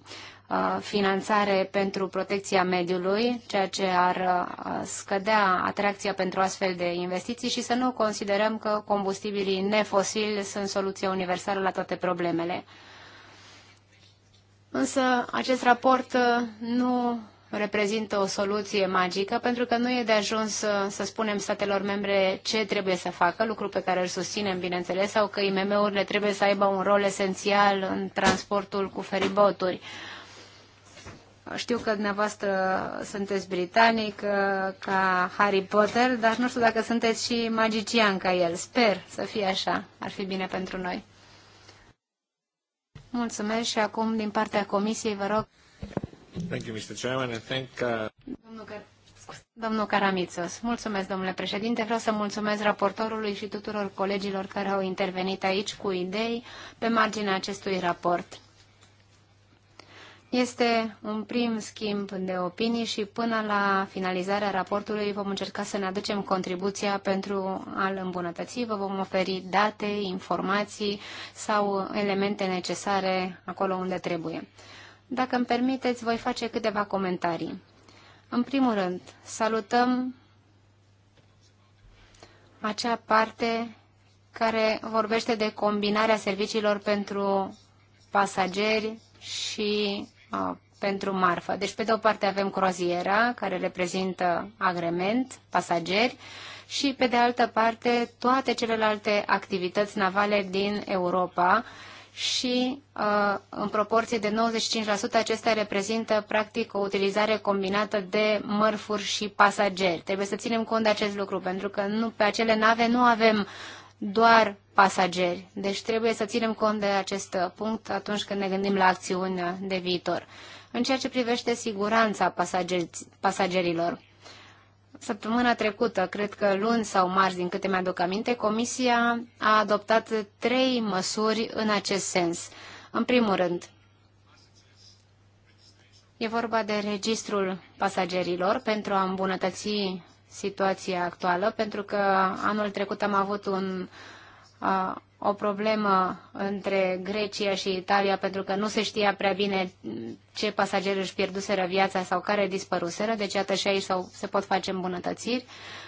Uh, finanțare pentru protecția mediului, ceea ce ar uh, scădea atracția pentru astfel de investiții și să nu considerăm că combustibilii nefosili sunt soluția universală la toate problemele. Însă acest raport uh, nu reprezintă o soluție magică, pentru că nu e de ajuns să, să spunem statelor membre ce trebuie să facă, lucru pe care îl susținem, bineînțeles, sau că IMM-urile trebuie să aibă un rol esențial în transportul cu feriboturi. Uh, știu că dumneavoastră sunteți britanic uh, ca Harry Potter, dar nu știu dacă sunteți și magician ca el. Sper să fie așa. Ar fi bine pentru noi. Mulțumesc și acum din partea comisiei vă rog. Thank you, Mr. Chairman, and thank, uh... Domnul Caramitsos, mulțumesc, domnule președinte. Vreau să mulțumesc raportorului și tuturor colegilor care au intervenit aici cu idei pe marginea acestui raport. Este un prim schimb de opinii și până la finalizarea raportului vom încerca să ne aducem contribuția pentru a-l îmbunătăți. Vă vom oferi date, informații sau elemente necesare acolo unde trebuie. Dacă îmi permiteți, voi face câteva comentarii. În primul rând, salutăm acea parte care vorbește de combinarea serviciilor pentru pasageri și pentru marfă. Deci, pe de o parte avem croaziera, care reprezintă agrement, pasageri, și pe de altă parte toate celelalte activități navale din Europa și în proporție de 95% acestea reprezintă practic o utilizare combinată de mărfuri și pasageri. Trebuie să ținem cont de acest lucru, pentru că nu, pe acele nave nu avem doar pasageri. Deci trebuie să ținem cont de acest punct atunci când ne gândim la acțiunea de viitor. În ceea ce privește siguranța pasagerilor, Săptămâna trecută, cred că luni sau marți, din câte mi-aduc aminte, Comisia a adoptat trei măsuri în acest sens. În primul rând, e vorba de registrul pasagerilor pentru a îmbunătăți situația actuală, pentru că anul trecut am avut un uh, o problemă între Grecia și Italia pentru că nu se știa prea bine ce pasageri își pierduseră viața sau care dispăruseră, deci iată și aici sau se pot face îmbunătățiri.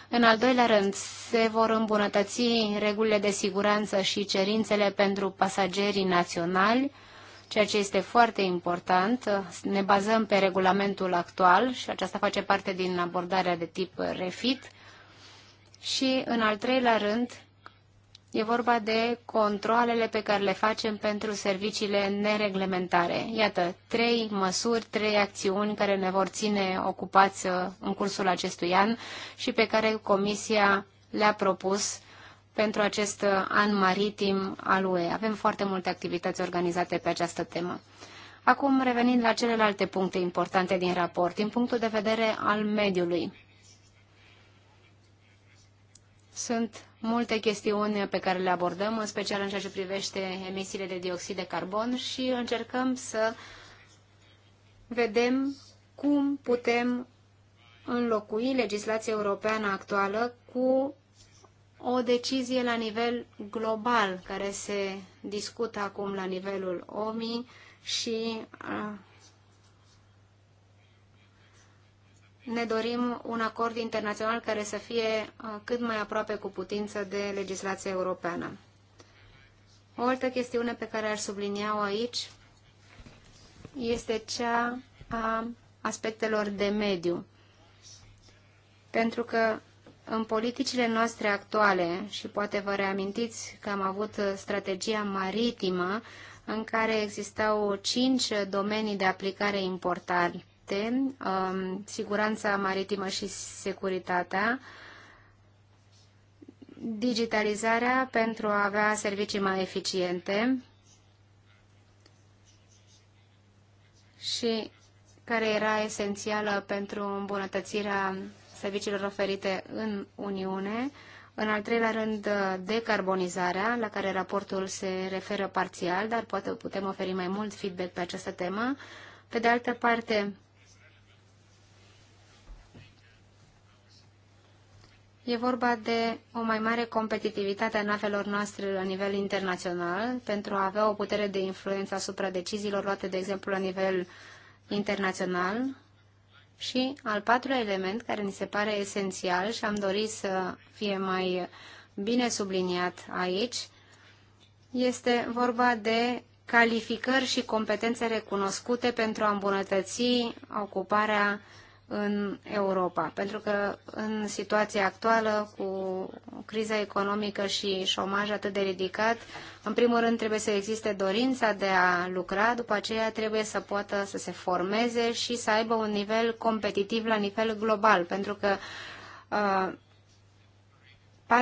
În al doilea rând, se vor îmbunătăți regulile de siguranță și cerințele pentru pasagerii naționali, ceea ce este foarte important. Ne bazăm pe regulamentul actual și aceasta face parte din abordarea de tip refit. Și în al treilea rând, E vorba de controlele pe care le facem pentru serviciile nereglementare. Iată, trei măsuri, trei acțiuni care ne vor ține ocupați uh, în cursul acestui an și pe care Comisia le-a propus pentru acest uh, an maritim al UE. Avem foarte multe activități organizate pe această temă. Acum, revenind la celelalte puncte importante din raport, din punctul de vedere al mediului. Sunt multe chestiuni pe care le abordăm, în special în ceea ce privește emisiile de dioxid de carbon și încercăm să vedem cum putem înlocui legislația europeană actuală cu o decizie la nivel global care se discută acum la nivelul OMI și ne dorim un acord internațional care să fie uh, cât mai aproape cu putință de legislația europeană. O altă chestiune pe care aș sublinia-o aici este cea a aspectelor de mediu. Pentru că în politicile noastre actuale, și poate vă reamintiți că am avut strategia maritimă, în care existau cinci domenii de aplicare importanti, departe, um, siguranța maritimă și securitatea, digitalizarea pentru a avea servicii mai eficiente și care era esențială pentru îmbunătățirea serviciilor oferite în Uniune. În al treilea rând, decarbonizarea, la care raportul se referă parțial, dar poate putem oferi mai mult feedback pe această temă. Pe de altă parte, E vorba de o mai mare competitivitate a navelor noastre la nivel internațional pentru a avea o putere de influență asupra deciziilor luate, de exemplu, la nivel internațional. Și al patrulea element care ni se pare esențial și am dorit să fie mai bine subliniat aici, este vorba de calificări și competențe recunoscute pentru a îmbunătăți ocuparea în Europa. Pentru că în situația actuală, cu criza economică și șomaj atât de ridicat, în primul rând trebuie să existe dorința de a lucra, după aceea trebuie să poată să se formeze și să aibă un nivel competitiv la nivel global, pentru că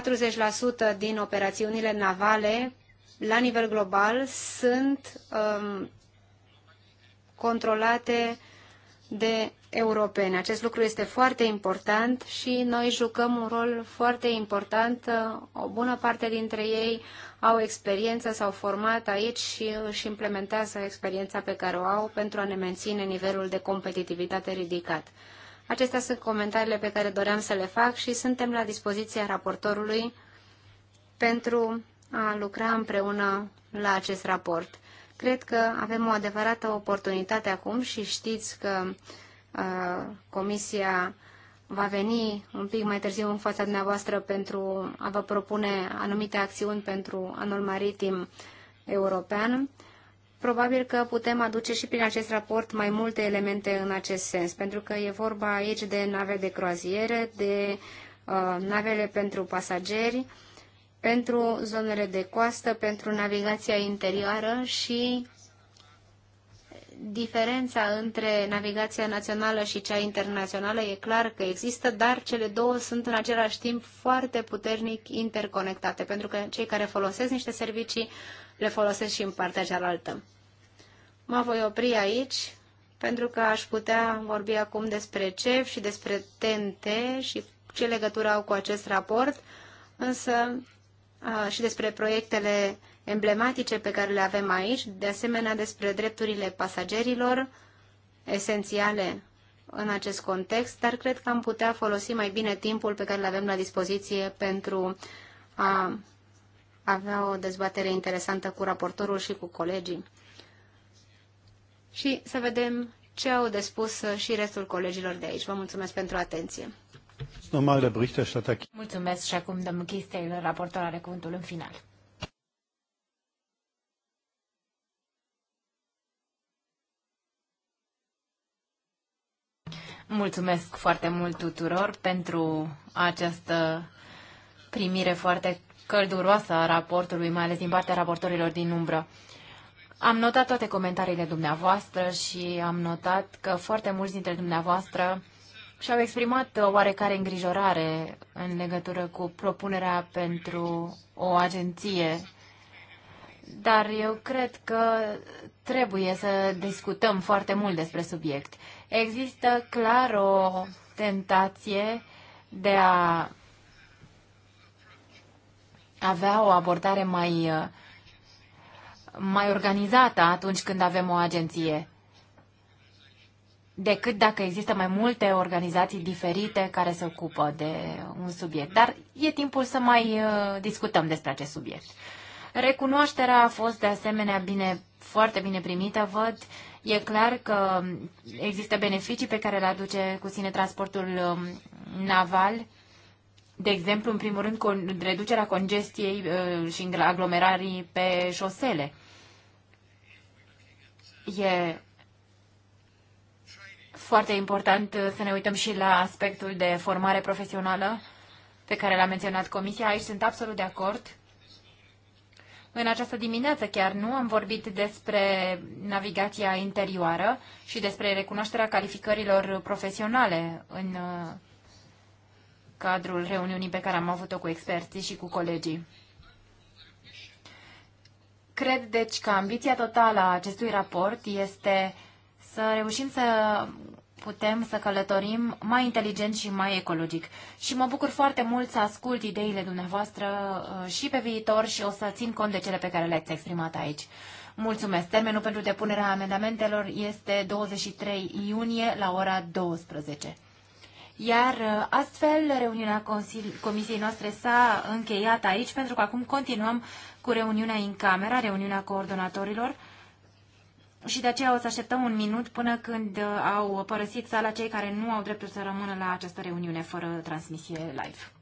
uh, 40% din operațiunile navale la nivel global sunt um, controlate de europene. Acest lucru este foarte important și noi jucăm un rol foarte important. O bună parte dintre ei au experiență, s-au format aici și își implementează experiența pe care o au pentru a ne menține nivelul de competitivitate ridicat. Acestea sunt comentariile pe care doream să le fac și suntem la dispoziția raportorului pentru a lucra împreună la acest raport. Cred că avem o adevărată oportunitate acum și știți că uh, Comisia va veni un pic mai târziu în fața dumneavoastră pentru a vă propune anumite acțiuni pentru anul maritim european. Probabil că putem aduce și prin acest raport mai multe elemente în acest sens, pentru că e vorba aici de nave de croaziere, de uh, navele pentru pasageri, pentru zonele de coastă, pentru navigația interioară și diferența între navigația națională și cea internațională e clar că există, dar cele două sunt în același timp foarte puternic interconectate, pentru că cei care folosesc niște servicii le folosesc și în partea cealaltă. Mă voi opri aici, pentru că aș putea vorbi acum despre CEF și despre TNT și ce legătură au cu acest raport, însă și despre proiectele emblematice pe care le avem aici, de asemenea despre drepturile pasagerilor, esențiale în acest context, dar cred că am putea folosi mai bine timpul pe care îl avem la dispoziție pentru a avea o dezbatere interesantă cu raportorul și cu colegii. Și să vedem ce au de spus și restul colegilor de aici. Vă mulțumesc pentru atenție. Mulțumesc și acum domnul Chistel, raportor, are cuvântul în final. Mulțumesc foarte mult tuturor pentru această primire foarte călduroasă a raportului, mai ales din partea raportorilor din umbră. Am notat toate comentariile dumneavoastră și am notat că foarte mulți dintre dumneavoastră și-au exprimat oarecare îngrijorare în legătură cu propunerea pentru o agenție. Dar eu cred că trebuie să discutăm foarte mult despre subiect. Există clar o tentație de a avea o abordare mai, mai organizată atunci când avem o agenție decât dacă există mai multe organizații diferite care se ocupă de un subiect. Dar e timpul să mai uh, discutăm despre acest subiect. Recunoașterea a fost de asemenea bine, foarte bine primită, văd. E clar că există beneficii pe care le aduce cu sine transportul um, naval, de exemplu, în primul rând, con reducerea congestiei uh, și aglomerării pe șosele. E foarte important uh, să ne uităm și la aspectul de formare profesională pe care l-a menționat Comisia. Aici sunt absolut de acord. În această dimineață chiar nu am vorbit despre navigația interioară și despre recunoașterea calificărilor profesionale în uh, cadrul reuniunii pe care am avut-o cu experții și cu colegii. Cred, deci, că ambiția totală a acestui raport este să reușim să putem să călătorim mai inteligent și mai ecologic. Și mă bucur foarte mult să ascult ideile dumneavoastră uh, și pe viitor și o să țin cont de cele pe care le-ați exprimat aici. Mulțumesc. Termenul pentru depunerea amendamentelor este 23 iunie la ora 12. Iar uh, astfel, reuniunea comisiei noastre s-a încheiat aici, pentru că acum continuăm cu reuniunea în camera, reuniunea coordonatorilor, și de aceea o să așteptăm un minut până când uh, au părăsit sala cei care nu au dreptul să rămână la această reuniune fără transmisie live.